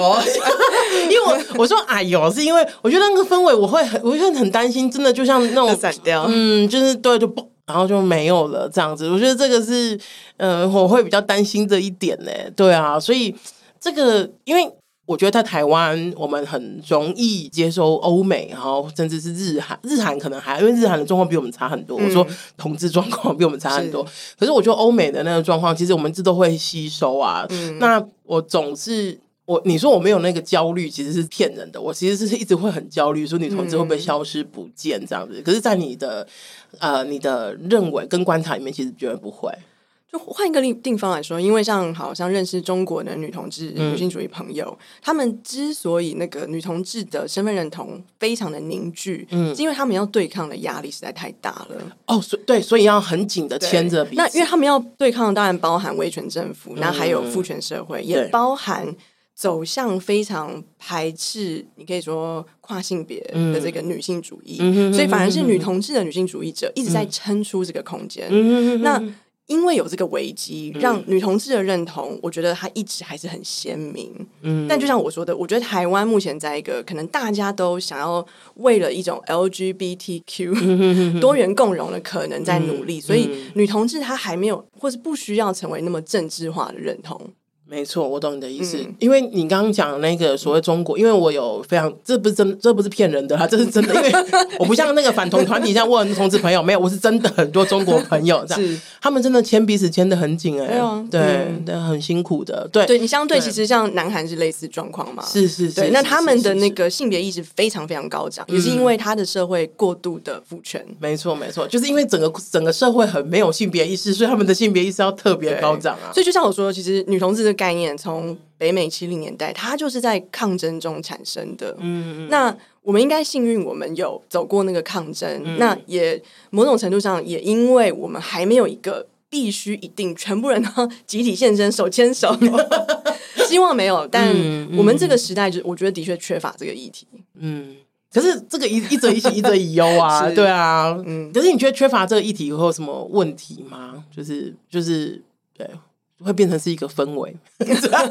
S1: 因為我我說哎呦，是因為我覺得那個氛圍，我會我會很擔心，真的就像那種散掉，嗯，就是對，就嘣，然後就沒有了這樣子。我覺得這個是，嗯、呃，我會比較擔心的一點呢、欸。對啊，所以這個因為。我覺得在台灣，我們很容易接收歐美，然後甚至是日韓。日韓可能還因為日韓的狀況比我們差很多，嗯、我說同志狀況比我們差很多。是，可是我覺得歐美的那個狀況，其實我們這都會吸收啊。嗯、那我總是我你說我沒有那個焦慮，其實是騙人的。我其實是一直會很焦慮，說女同志會不會消失不見這樣子。嗯、可是，在你的呃你的認為跟觀察裡面，其實絕對不會。
S2: 換一個地方來說，因為像好像認識中國的女同志、嗯、女性主義朋友，他們之所以那個女同志的身份認同非常的凝聚、嗯，是因為他們要對抗的壓力實在太大了。哦，所
S1: 對，所以要很緊的牽着彼此。那因為他
S2: 們要對抗，當然包含威權政府，然後還有父權社會，嗯、也包含走向非常排斥你可以說跨性別的這個女性主義、嗯。所以反而是女同志的女性主義者一直在撐出這個空間、嗯。那。因為有這個危機，讓女同志的認同、嗯，我覺得她一直還是很鮮明。嗯，但就像我說的，我覺得台灣目前在一個可能大家都想要為了一種 LGBTQ 多元共融的可能在努力、嗯嗯嗯，所以女同志她還沒有，或是不需要成為那麼政治化的認同。
S1: 沒錯，我懂你的意思，嗯、因為你剛剛講那個所謂中國，因為我有非常這不是真，這不是騙人的，哈，這是真的， 因為我不像那個反同團體像樣問同志朋友，沒有，我是真的很多中國朋友這樣。是啊是他們真的牽彼此牽得很緊哎、欸啊，對，對、嗯，但很辛苦的，
S2: 對，對你相對其實像南韓是類似狀況嘛，是是是，是，是，是，是，那他們的那個性別意識非常非常高漲、嗯，也是因為他的社會過度的父權、嗯，沒錯沒錯，就
S1: 是因為整個整個社會很沒有性別意識，所以他們的性別意識要特別高漲啊，所以就
S2: 像我說，其實女同志的概念從。北美七零年代，它就是在抗爭中產生的。嗯那我們應該幸運，我們有走過那個抗爭。嗯、那也某種程度上，也因為我們還沒有一個必須一定全部人都集體現身手牽手。 希望沒有，但我們這個時代，就我覺得的確缺乏這個議題。
S1: 嗯。可是這個一直一則以喜，一則以憂啊， 對啊。嗯。可是你覺得缺乏這個議題以後有什麼問題嗎？就是就是對。會變成是一個氛圍，
S2: 對笑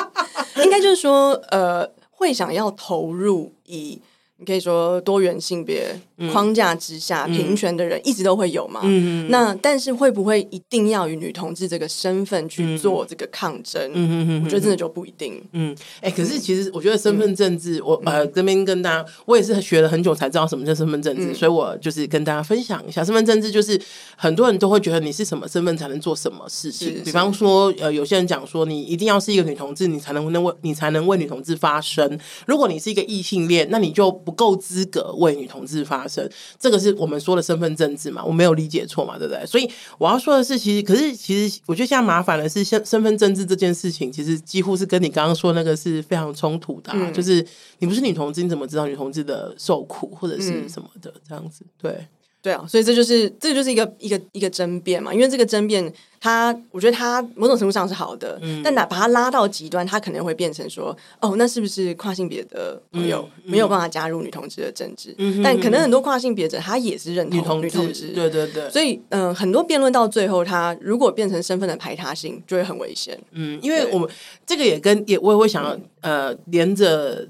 S2: 應該就是說，呃，會想要投入以。你可以說多元性別、嗯、框架之下、嗯，平權的人一直都會有嘛？嗯、那但是會不會一定要以女同志這個身份去做這個抗爭、嗯？我覺得真的就不一定。嗯，哎、欸，可是其實我覺得身份政治，嗯、我呃、嗯、這邊跟大
S1: 家，我也是學了很久才知道什麼叫身份政治、嗯，所以我就是跟大家分享一下，身份政治就是很多人都會覺得你是什麼身份才能做什麼事情，是是是比方說呃有些人講說你一定要是一個女同志，你才能能為你才能為女同志發聲，如果你是一個異性戀，那你就。不夠資格為女同志發聲，這個是我們說的身份政治嘛？我沒有理解錯嘛？對不對？所以我要說的是，其實，可是，其實我覺得現在麻煩的是，身身份政治這件事情，其實幾乎是跟你剛剛說的那個是非常衝突的、啊嗯。就是你不是女同志，你怎麼知道女同志的受苦或者是什麼的這樣子？嗯、對。
S2: 對啊，所以這就是這就是一個一個一個爭辯嘛，因為這個爭辯，它我覺得它某種程度上是好的，嗯，但哪把它拉到極端，它可能會變成說，哦，那是不是跨性別的朋友沒有辦法加入女同志的政治？嗯嗯、但可能很多跨性別者他、嗯、也是認同，女同,女，同女同志，
S1: 對對對，所以
S2: 嗯、呃，很多辯論到最後，他如果變成身份的排他性，就會很危險，嗯，
S1: 因為我們這個也跟也我也會想要、嗯、呃連着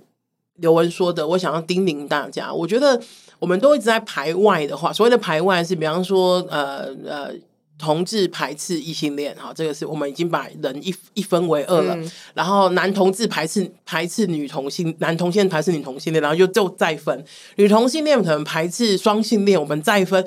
S1: 劉文說的，我想要叮嚀大家，我覺得。我們都一直在排外的話，所謂的排外是比方說，呃呃，同志排斥異性戀，哈，這個是我們已經把人一一分為二了。嗯。然後男同志排斥排斥女同性，男同性排斥女同性戀，然後又就，就再分女同性戀可能排斥雙性戀，我們再分。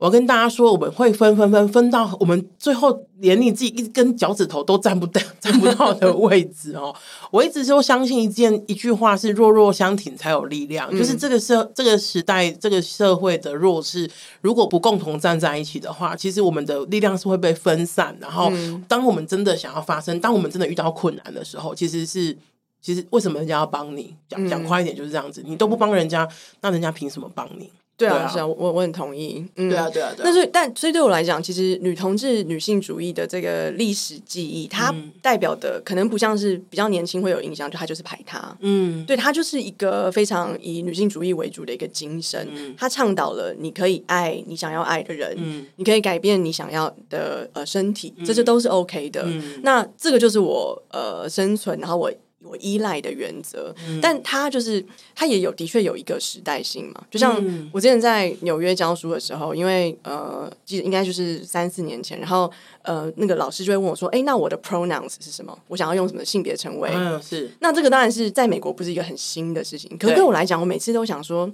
S1: 我要跟大家說，我們會分分分分到，我們最後連你自己一根腳趾頭都站不到站不到的位置哦、喔。 我一直都相信一件一句話是“弱弱相挺才有力量”，嗯、就是這個社這個時代這個社會的弱勢，如果不共同站在一起的話，其實我們的力量是會被分散。然後，當我們真的想要發生、嗯，當我們真的遇到困難的時候，其實是其實為什麼人家要幫你？講講快一點就是這樣子，你都不幫人家，那人家憑什麼幫你？對啊，對啊，是啊，我我很同意、嗯。對啊，對啊，對
S2: 啊。但是，但所以對我來講，其實女同志女性主義的這個歷史記憶，它代表的可能不像是比較年輕會有印象，就它就是排他。嗯，對，它就是一個非常以女性主義為主的一個精神。嗯、它倡導了你可以愛你想要愛的人、嗯，你可以改變你想要的呃身體，這些都是 OK 的、嗯嗯。那這個就是我呃生存，然後我。我依賴的原則、嗯，但他就是他也有的確有一個時代性嘛。就像我之前在紐約教書的時候，因為呃，記得應該就是三四年前，然後呃，那個老師就會問我說：“哎、欸，那我的 pronouns 是什麼？我想要用什麼性別稱謂、啊、是。那這個當然是在美國不是一個很新的事情，可是對我來講，我每次都想說。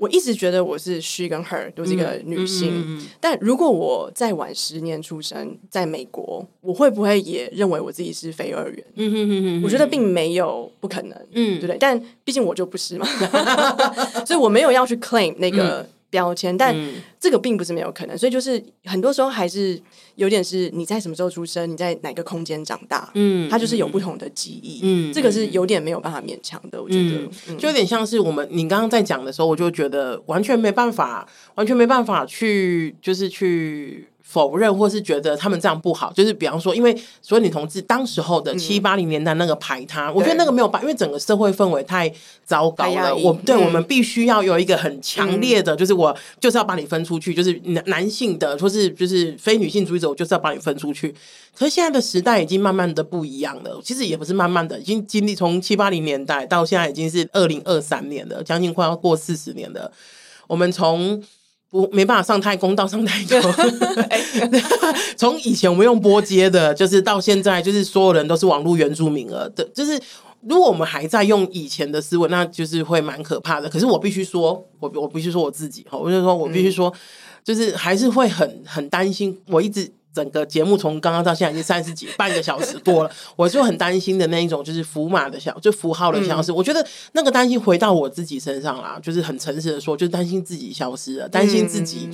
S2: 我一直覺得我是 she 跟 her 都是一個女性、嗯嗯嗯嗯，但如果我再晚十年出生在美國，我會不會也認為我自己是非二元？嗯嗯嗯、我覺得並沒有不可能，對、嗯、不對？但畢竟我就不是嘛，嗯、 所以我沒有要去 claim 那個、嗯。標籤，但這個並不是沒有可能，嗯，所以就是很多時候還是有點是你在什麼時候出生，你在哪個空間長大，嗯，他就是有不同的記憶，嗯，這個是有點沒有辦法勉強的，嗯，我覺
S1: 得就有點像是我們，你剛剛在講的時候，我就覺得完全沒辦法，完全沒辦法去就是去。否認，或是覺得他們這樣不好，就是比方說，因為所有女同志當時候的七八零年代那個排他，嗯、我覺得那個沒有辦，因為整個社會氛圍太糟糕了。哎、我、嗯、對我們必須要有一個很強烈的、嗯，就是我就是要把你分出去，就是男男性的，或是就是非女性主義者，我就是要把你分出去。可是現在的時代已經慢慢的不一樣了，其實也不是慢慢的，已經經歷從七八零年代到現在已經是二零二三年了，將近快要過四十年了。我們從不，沒辦法上太空，到上太空。從以前我們用撥接的，就是到現在，就是所有人都是網絡原住民了。對，就是如果我們還在用以前的思維，那就是會蠻可怕的。可是我必須說，我我必須說我自己哈，我就說我必須說，嗯、就是還是會很很擔心。我一直。整個節目從剛剛到現在已經三十幾半個小時多了， 我就很擔心的那一種，就是符碼的消，就符號的消失，嗯。我覺得那個擔心回到我自己身上啦，就是很誠實的說，就擔心自己消失了，擔心自己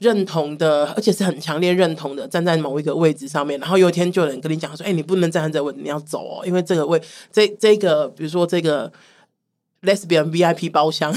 S1: 認同的，嗯，而且是很強烈認同的，站在某一個位置上面，然後有一天就有人跟你講說：“哎、欸，你不能站在這，你要走哦，因為這個位，這這個，比如說這個 Lesbian VIP 包廂。 ”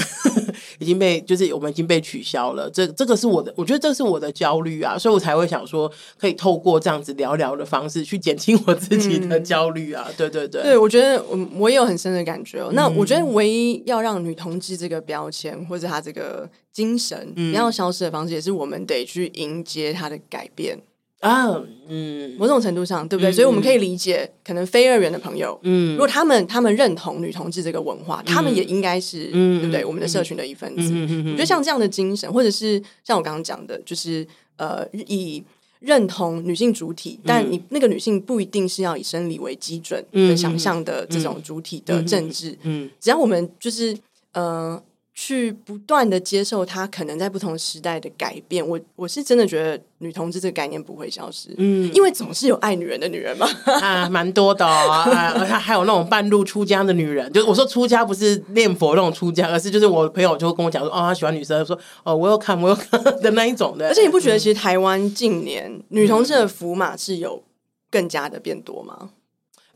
S1: 已經被就是我們已經被取消了，這這個是我的，我覺得這是我的焦慮啊，所以我才會想說可以透過這樣子聊聊的方式去減輕我自己的焦慮啊。嗯、對對對，對我覺
S2: 得我我也有很深的感覺哦、嗯。那我覺得唯一要讓女同志這個標籤或者她這個精神、嗯、要消失的方式，也是我們得去迎接她的改變。啊、oh，嗯，某種程度上，對不對？嗯、所以我們可以理解、嗯，可能非二元的朋友，嗯，如果他們他們認同女同志這個文化，嗯、他們也應該是，嗯、對不對、嗯？我們的社群的一份子、嗯嗯嗯。我覺得像這樣的精神，或者是像我剛剛講的，就是呃，以認同女性主體，嗯、但你那個女性不一定是要以生理為基準的想象的這種主體的政治。嗯，嗯嗯嗯嗯只要我們就是，呃。去不斷的接受他可能在不同時代的改變。我我是真的覺得女同志這個概念不會消失，嗯，因為總是有愛女人的女人嘛，啊，蠻多的、
S1: 哦、 啊，而且還有那種半路出家的女人，就是我說出家不是念佛那種出家，而是就
S2: 是我朋友就會跟我講說，哦，他喜歡女生，說哦，welcome，welcome 的那一種的。而且你不覺得其實臺灣近年、嗯、女同志的福馬是有更加的變多嗎？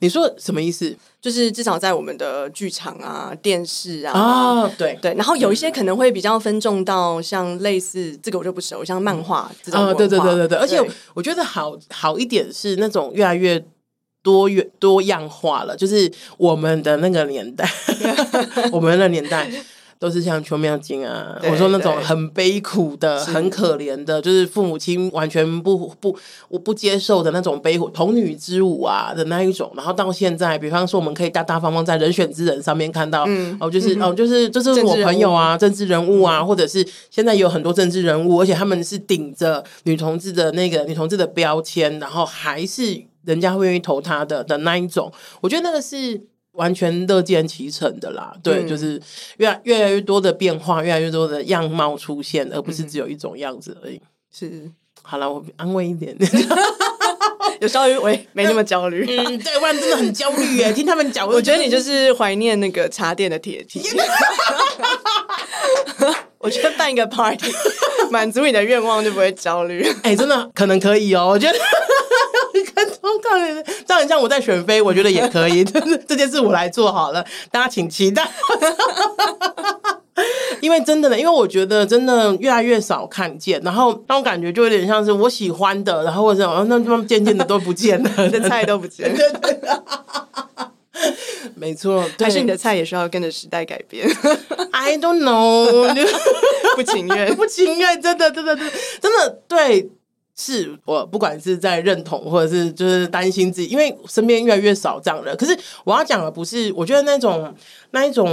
S1: 你說什麼意思？就是至少在我
S2: 們的劇場啊、電視啊啊、
S1: 哦，對對，然後有一些
S2: 可能會比較分眾到像類似、嗯、這個我就不熟，像漫畫這種啊、嗯哦，對對對對對，而且我，
S1: 我覺得好好一點是那種越來越多元多樣化了，就是我們的那個年代，我們的年代。都是像邱妙津啊，我說那種很悲苦的、很可憐的，就是父母親完全不不，我不接受的那種悲苦童女之舞啊的那一種。然後到現在，比方說我們可以大大方方在人選之人上面看到，嗯、哦，就是、嗯、哦，就是就是我朋友啊，政治人物啊，物啊嗯、或者是現在有很多政治人物、嗯，而且他們是頂着女同志的那個女同志的標籤，然後還是人家會願意投他的的那一種。我覺得那個是。完全樂見其成的啦，對，嗯、就是越越來越多的變化，越來越多的樣貌出現，而不是只有一種樣子而已。
S2: 是、嗯，好了，我安慰一點點， 有稍微我也，沒那麼焦慮、啊。嗯，對我，真的，很焦慮哎。 聽他們講，我覺得你就是懷念那個插電的鐵 T。 我覺得辦一個 party 滿足你的願望就不會焦慮。
S1: 哎、 欸，真的，可能可以哦、喔。我覺得。 你通告這樣很像，我在選妃，我覺得也可以，這 這件事我來做好了，大家請期待。 因為真的呢，因為我覺得真的越來越少看見，然後讓我感覺就有點像是我喜歡的，然後或者什麼，那漸漸的都不見了， 你的菜都不見了。
S2: 沒錯，對，還是你的菜也需要跟着時代改變。 I
S1: don't know，
S2: 不情願，
S1: 不情願，真的，真的，真的，對。是我不管是在認同，或者是就是擔心自己，因為身邊越來越少這樣人。可是我要講的不是，我覺得那種、嗯、那一種，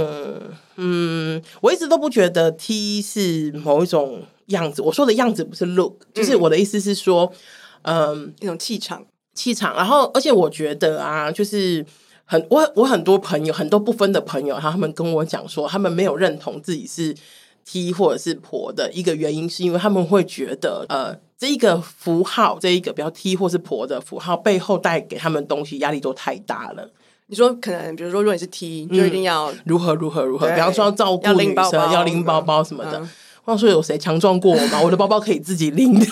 S1: 嗯，我一直都不覺得 T 是某一種樣子。我說的樣子不是 look，就是我的意思是說，嗯，一、呃、種氣場，氣場。然後，而且我覺得啊，就是很我我很多朋友，很多不分的朋友，然後他們跟我講說，他們沒有認同自己是。T 或者是婆的一個原因，是因為他們會覺得，呃，這一個符號，這一個比較 T 或是婆的符號背後帶給他們東西壓力都太大
S2: 了。你說，可能比如說，如果你是 T，就一定要
S1: 如何、嗯、如何如何。比方說，要照顧女要拎包包,包包什麼的。話、嗯、說，有誰強壯過我嗎？我的包包可以自己拎。 就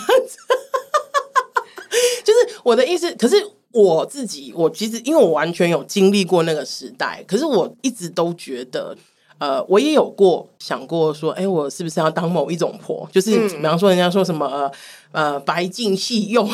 S1: 是我的意思。可是我自己，我其實因為我完全有經歷過那個時代，可是我一直都覺得。呃，我也有過想過說，哎，我是不是要當某一種婆？就是比方、嗯、說，人家說什麼呃，白淨細幼，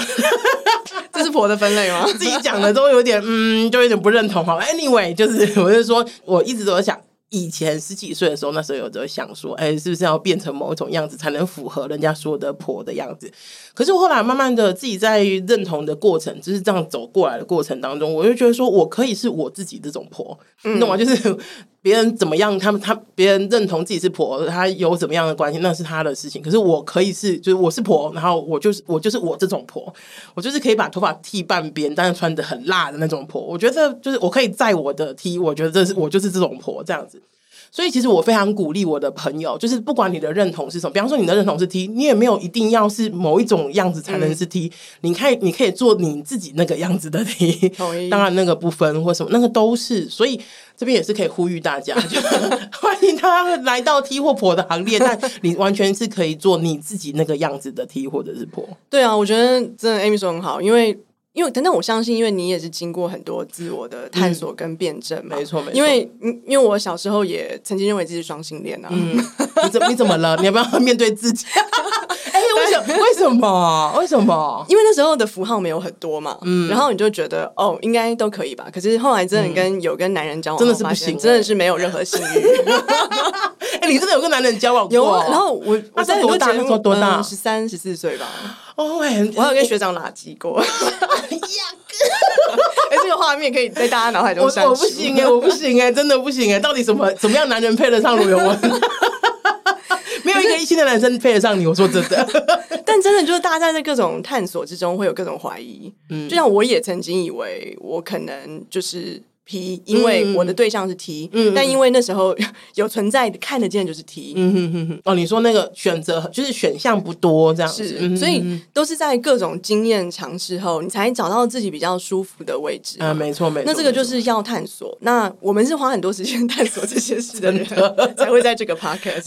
S1: 這是婆的分類嗎？ 自己講的都有點，嗯，就有點不認同。好，Anyway，就是，我就說，我一直都在想，以前十幾歲的時候，那時候有的想說，哎，是不是要變成某一種樣子才能符合人家說的婆的樣子？可是我後來慢慢的自己在認同的過程，就是這樣走過來的過程當中，我就覺得說我可以是我自己這種婆，你懂嗎？就是。別人怎麼樣，他們他別人認同自己是婆，他有怎麼樣的關係，那是他的事情。可是我可以是，就是我是婆，然後我就是我就是我這種婆，我就是可以把頭髮剃半邊，但是穿的很辣的那種婆。我覺得就是我可以載我的 T，我覺得這是我就是這種婆這樣子。所以其實我非常鼓勵我的朋友，就是不管你的認同是什麼，比方說你的認同是 T，你也沒有一定要是某一種樣子才能是 T、嗯。你看，你可以做你自己那個樣子的 T，當然那個不分或什麼，那個都是。所以這邊也是可以呼籲大家， 就歡迎他來到 T 或婆的行列。 但你完全是可以做你自己那個樣子的 T 或者是婆。
S2: 對啊，我覺得真的 Amy 說很好，因為。因為等等，我相信，因為你也是經過很多自我的探索跟辯證、嗯，沒錯沒錯。因為，因為，我小時候也曾經認為自己是雙性戀啊，嗯，你怎你怎麼了？你要不要面對自己？ 欸、哎，為什麼？為什麼？為什麼？因為那時候的符號沒有很多嘛，嗯，然後你就覺得哦，應該都可以吧。可是後來真的跟、嗯、有跟男人交往，真的是不行，真的是沒有任何幸運。哎、 欸，你
S1: 真的有跟男人交往過？有。然後我，我時多大？他是多大？十三、十四歲吧。
S2: 哦哎，我還有跟學長喇舌過，哎、 欸，這個畫面可以在大
S1: 家腦海中。我我不行哎，我不行哎，、欸欸，真的不行哎、欸！到底什麼 怎麼樣男人配得上盧友文？
S2: 沒有一個一星的男生配得上你，我說真的。 但真的就是大家在各種探索之中會有各種懷疑，嗯，就像我也曾經以為我可能就是。P，因為我的對象是 T，、嗯、但因為那時候有存在的看得見就是 T、
S1: 嗯哼哼哼。哦，你說那個選擇就是選項不多這樣子是，所以
S2: 都是在各種經驗嘗試後，你才找到自己比較舒服的位置
S1: 啊，沒錯沒錯。那這個就
S2: 是要探索。那我們是花很多時間探索這些事的，人 的，才會在這個 Podcast，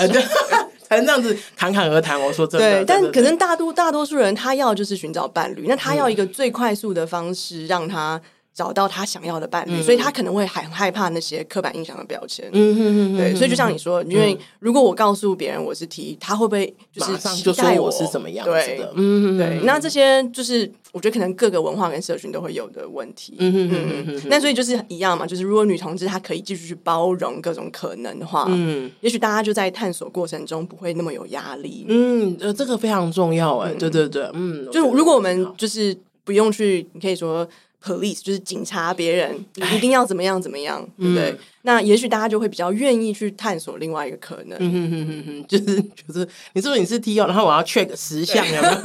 S2: 才 能 這樣子侃侃而談。我說真的對對對對對，但可能大多大多數人他要就是尋找伴侶，那他要一個最快速的方式讓他。找到他想要的伴侶，嗯，所以他可能會很害怕那些刻板印象的標籤。嗯哼哼哼，對，所以就像你說，嗯、因為如果我告訴別人我是 T，他會不會就是期待馬上就說我是怎麼樣子的？對，嗯哼哼對。那這些就是我覺得可能各個文化跟社群都會有的問題。嗯哼哼哼哼，嗯嗯，那所以就是一樣嘛，就是如果女同志她可以繼續去包容各種可能的話，嗯，也許大家就在探索過程中不會那麼有壓力。
S1: 嗯，呃，這個非常重要哎，嗯，對對對，嗯，okay,
S2: 就是如果我們就是不用去，你可以說。Police 就是警察別，別人一定要怎麼樣怎麼樣，對不對，嗯、那也許大家就會比較願意去探索另外一個可能。嗯
S1: 嗯嗯嗯就是就是，你是不是你是 T O？然後我要 check 十項有沒有？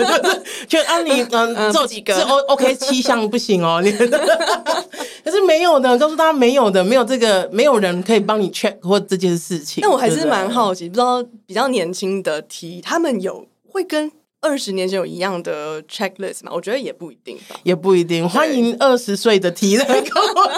S1: 就是 c、 啊、嗯，嗯，做嗯幾個？O O K 七項不行哦，喔，你 可是沒有的，告訴大家沒有的，沒有這個沒有人可以幫你 check 或這件事情。 但我還是蠻好
S2: 奇， 不知道比較年輕的 T 他們有會跟。二十年前有一樣的 checklist 嗎？我覺得也不一定，
S1: 也不一定。歡迎二十歲的 T 來
S2: 跟我。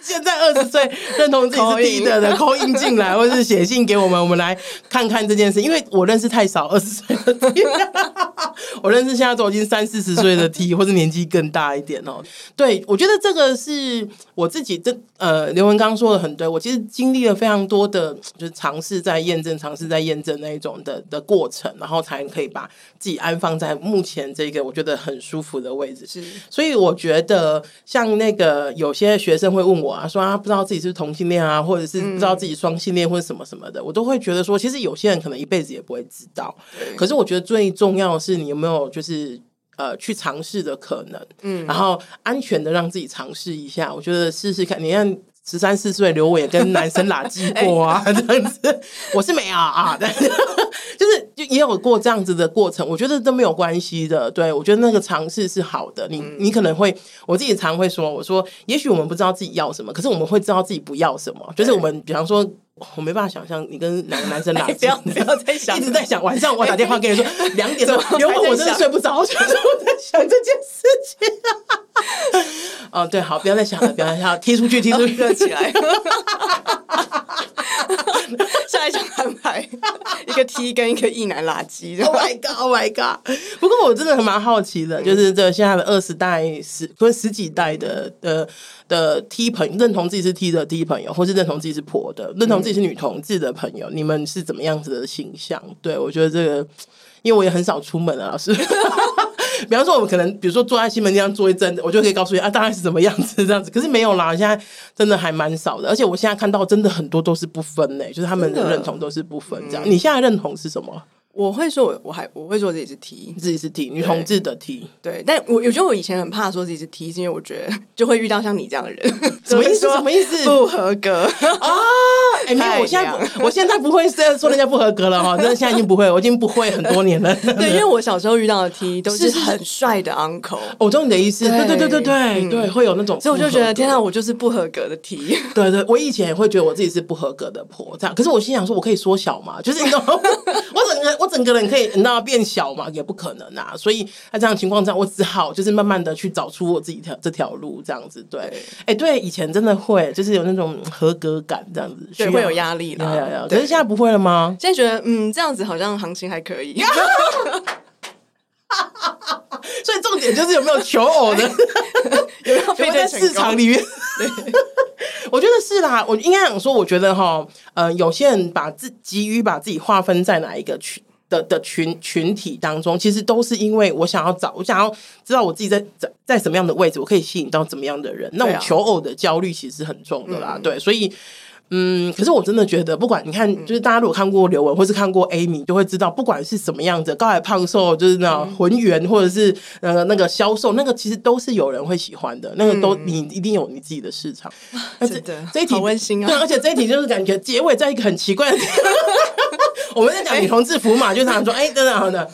S1: 現在二十歲認同自己是 T 的人，扣 印進來，或是寫信給我們， 我們來看看這件事。因為我認識太少二十歲的 T， 我認識現在都已經三四十歲的 T，或者年紀更大一點哦。對，我覺得這個是。我自己這呃，劉文剛說的很對，我其實經歷了非常多的，就是嘗試在驗證，嘗試在驗證那一種的的過程，然後才可以把自己安放在目前這個我覺得很舒服的位置。是，所以我覺得像那個有些學生會問我啊，說啊不知道自己是，是同性戀啊，或者是不知道自己雙性戀或者什麼什麼的，我都會覺得說，其實有些人可能一輩子也不會知道。可是我覺得最重要的是，你有沒有就是。呃，去嘗試的可能，嗯，然後安全的讓自己嘗試一下，我覺得試試看。你看十三四歲，劉文也跟男生拉機過啊，這樣子， 我是沒啊啊，但是就是也有過這樣子的過程，我覺得都沒有關係的。對，我覺得那個嘗試是好的。你你可能會，我自己常會說，我說也許我們不知道自己要什麼，可是我們會知道自己不要什麼。嗯、就是我們比方說。我沒辦法想象你跟哪個男生不要不要再想了， 一直在想。晚上我打電話跟你說兩、欸、點，因為我真的睡不着， 就是我在想這件事情、啊。 哦，對，好，不要再想了，不要再想， 踢出去，踢出去了，呃、起來。
S2: 下一場安排，一個 T 跟一個異男垃圾。 Oh my god! Oh my god!
S1: 不過我真的還蠻好奇的，就是這現在的二十代十跟、嗯、十幾代的的。呃的 T 朋友認同自己是 T 的 T 朋友，或是認同自己是婆的，認同自己是女同志的朋友，嗯、你們是怎麼樣子的形象？對，我覺得這個，因為我也很少出門啊。老師。 比方說，我們可能比如說坐在西門這樣坐一陣子，我就可以告訴你啊，大概是怎麼樣子這樣子。可是沒有啦，現在真的還蠻少的，而且我現在看到真的很多都是不分嘞、欸，就是他們的認同都是不分這樣。你現在認同是什麼？
S2: 我會說，我我還我會說自己是 T，自己是
S1: T 女同志的 T。
S2: 對，對但我有覺得我以前很怕說自己是 T，是因為我覺得就會遇到像你這樣的人，什麼意思？
S1: 什麼意思？不合格啊！哎、欸，沒有，我現在
S2: 我現在不會這樣說人家不
S1: 合格了哈。真的，現在已經不會，我已經不會很多年了。 對，因為我小時候遇到的 T 都是
S2: 很帥的 uncle
S1: 是是。我懂你的意思，對對對對對、嗯、對會有那種，所以我就覺得天哪，我就是不合格的 T。對，對對，我以前也會覺得我自己是不合格的婆這樣，可是我心想說，我可以縮小嘛，就是你懂。你 我整個人可以那變小嘛？ 也不可能啊！所以，那這樣情況下，我只好就是慢慢的去找出我自己條這條路，這樣子。對，哎，對、欸，以前真的會，就是有那種合格感，這樣子，對，會有壓力的、yeah。Yeah yeah，可是現在不會了嗎？
S2: 現在覺得，嗯，這樣子好像行情還可以。 所以重點就是有沒有求偶的 有沒有放在市場裡面 ？
S1: 我覺得是啦。我應該想說，我覺得哈，呃，有些人把自己急於把自己劃分在哪一個群的的群群體當中，其實都是因為我想要找，我想要知道我自己在在在什麼樣的位置，我可以吸引到怎麼樣的人。那種求偶的焦慮其實是很重的啦。對啊。對，所以。嗯，可是我真的覺得，不管你看、嗯，就是大家如果看過劉文或是看過 Amy，就會知道，不管是什麼樣子，嗯、高矮胖瘦，就是那渾圓或者是呃那個消瘦，那個其實都是有人會喜歡的，那個都、嗯、你一定有你自己的市場。是、嗯、這，這一題好溫馨啊，對，而且這一題就是感覺結尾在一個很奇怪的地方，的。 我們在講女同志福嘛， 就常常說哎真的等的。等等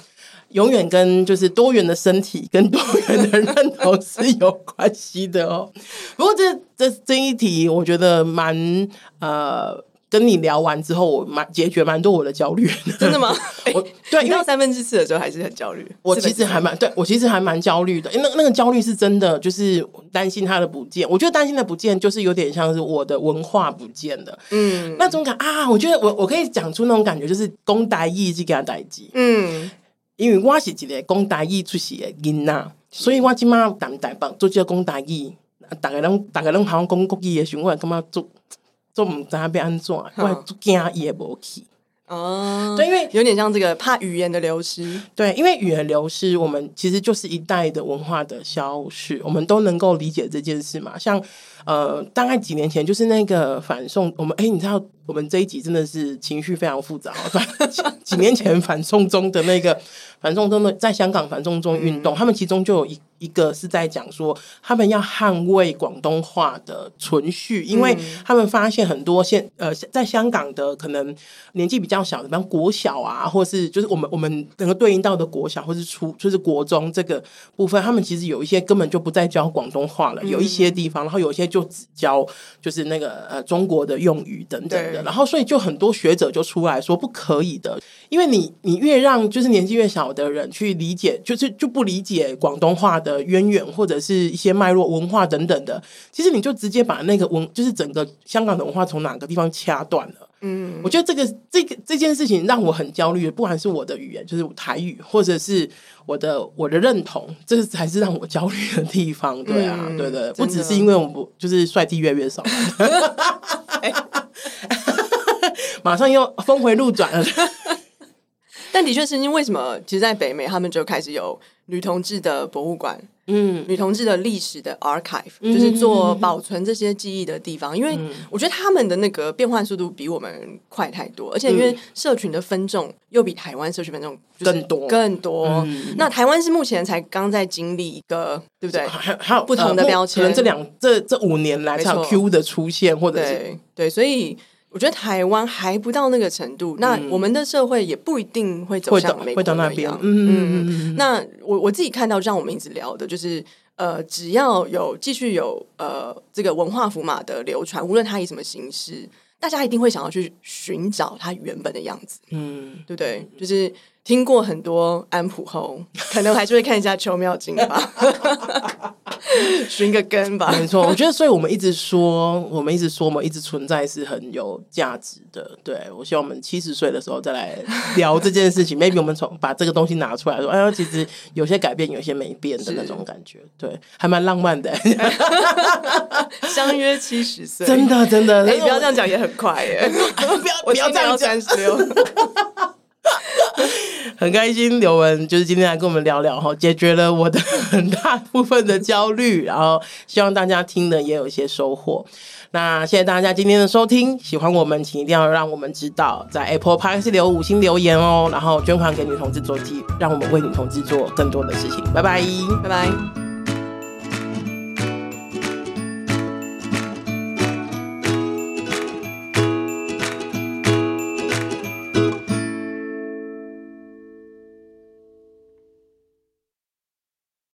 S1: 永遠跟就是多元的身體跟多元的認同是有關係的哦、喔。不過這這這一題，我覺得蠻呃，跟你聊完之後，我蠻解決蠻多我的焦慮。真的嗎？我對，到三分之四的時候還是很焦慮。我其實還蠻對我其實還蠻焦慮的。因為那那個焦慮是真的，就是擔心它的不見。我覺得擔心的不見，就是有點像是我的文化不見的。嗯，那種感啊，我覺得我我可以講出那種感覺，就是講台語，績給他台語。嗯。因為我是一個講台語出世的囡仔、啊，所以我即擺談台北，主要講台語逐個攏，逐個攏通講國語的時，我感覺要做做毋知影欲安怎，我會驚伊會無去。
S2: 哦、oh，對，因為有點像這個怕語言的流失。
S1: 對，因為語言流失，我們其實就是一代的文化的消逝，我們都能夠理解這件事嘛。像呃，大概幾年前就是那個反送，我們哎，你知道，我們這一集真的是情緒非常複雜。 幾年前反送中的那個反送中的在香港反送中運動，嗯、他們其中就有一。一個是在講說，他們要捍衛廣東話的存續，嗯，因為他們發現很多現呃在香港的可能年紀比較小的，比方國小啊，或者是就是我們我們能夠對應到的國小，或者是出，就是國中這個部分，他們其實有一些根本就不再教廣東話了，嗯，有一些地方，然後有一些就只教就是那個呃中國的用語等等的，然後所以就很多學者就出來說不可以的，因為你你越讓就是年紀越小的人去理解，就是就不理解廣東話的。呃，淵源或者是一些脈絡文化等等的，其實你就直接把那個文就是整個香港的文化從哪個地方掐斷了。嗯，我覺得這個這個這件事情讓我很焦慮，不管是我的語言就是台語，或者是我的我的認同，這才是讓我焦慮的地方。對啊，嗯、對對，不只是因為我不就是帥氣越來越少，
S2: 馬上又峰回路轉了。但的確是，因為什麼？其實，在北美他們就開始有。女同志的博物館，嗯，女同志的歷史的 archive，嗯、就是做保存這些記憶的地方。嗯、因為我覺得他們的那個變換速度比我們快太多，嗯、而且因為社群的分眾又比台灣社群分眾更多更多。更多嗯、那台灣是目前才剛在經歷一個，對不對？還還有不同的標籤，可能這兩
S1: 這這五年來，像 Q 的出現，或者是對，
S2: 對，所以。我覺得台灣還不到那個程度，嗯，那我們的社會也不一定會走向美國那，那邊。嗯嗯嗯，那我我自己看到，就像我們一直聊的，就是呃，只要有繼續有呃這個文化符碼的流傳，無論它以什麼形式，大家一定會想要去尋找它原本的樣子。嗯，對不對？就是。聽過很多安普後，可能我還是會看一下邱妙津吧，
S1: 尋 個
S2: 根吧。啊、沒錯，我覺
S1: 得，所以我們一直說，我們一直說，我們一直存在是很有價值的。對我希望我們七十歲的時候再來聊這件事情。 maybe 我們從把這個東西拿出來說，哎呀，其實有些改變，有些沒變的那種感覺，對，還蠻浪漫的、
S2: 欸。 相約七十歲，真的，真的，你不要這樣講也很快耶。不要，不要這樣講、欸。啊
S1: 很開心劉文就是今天來跟我們聊聊哈，解決了我的很大部分的焦慮，然後希望大家聽的也有一些收穫。那謝謝大家今天的收聽，喜歡我們請一定要讓我們知道，在 Apple Podcast 留五星留言哦，然後捐款給女同志週記，讓我們為女同志做更多的事情。拜拜，拜
S2: 拜。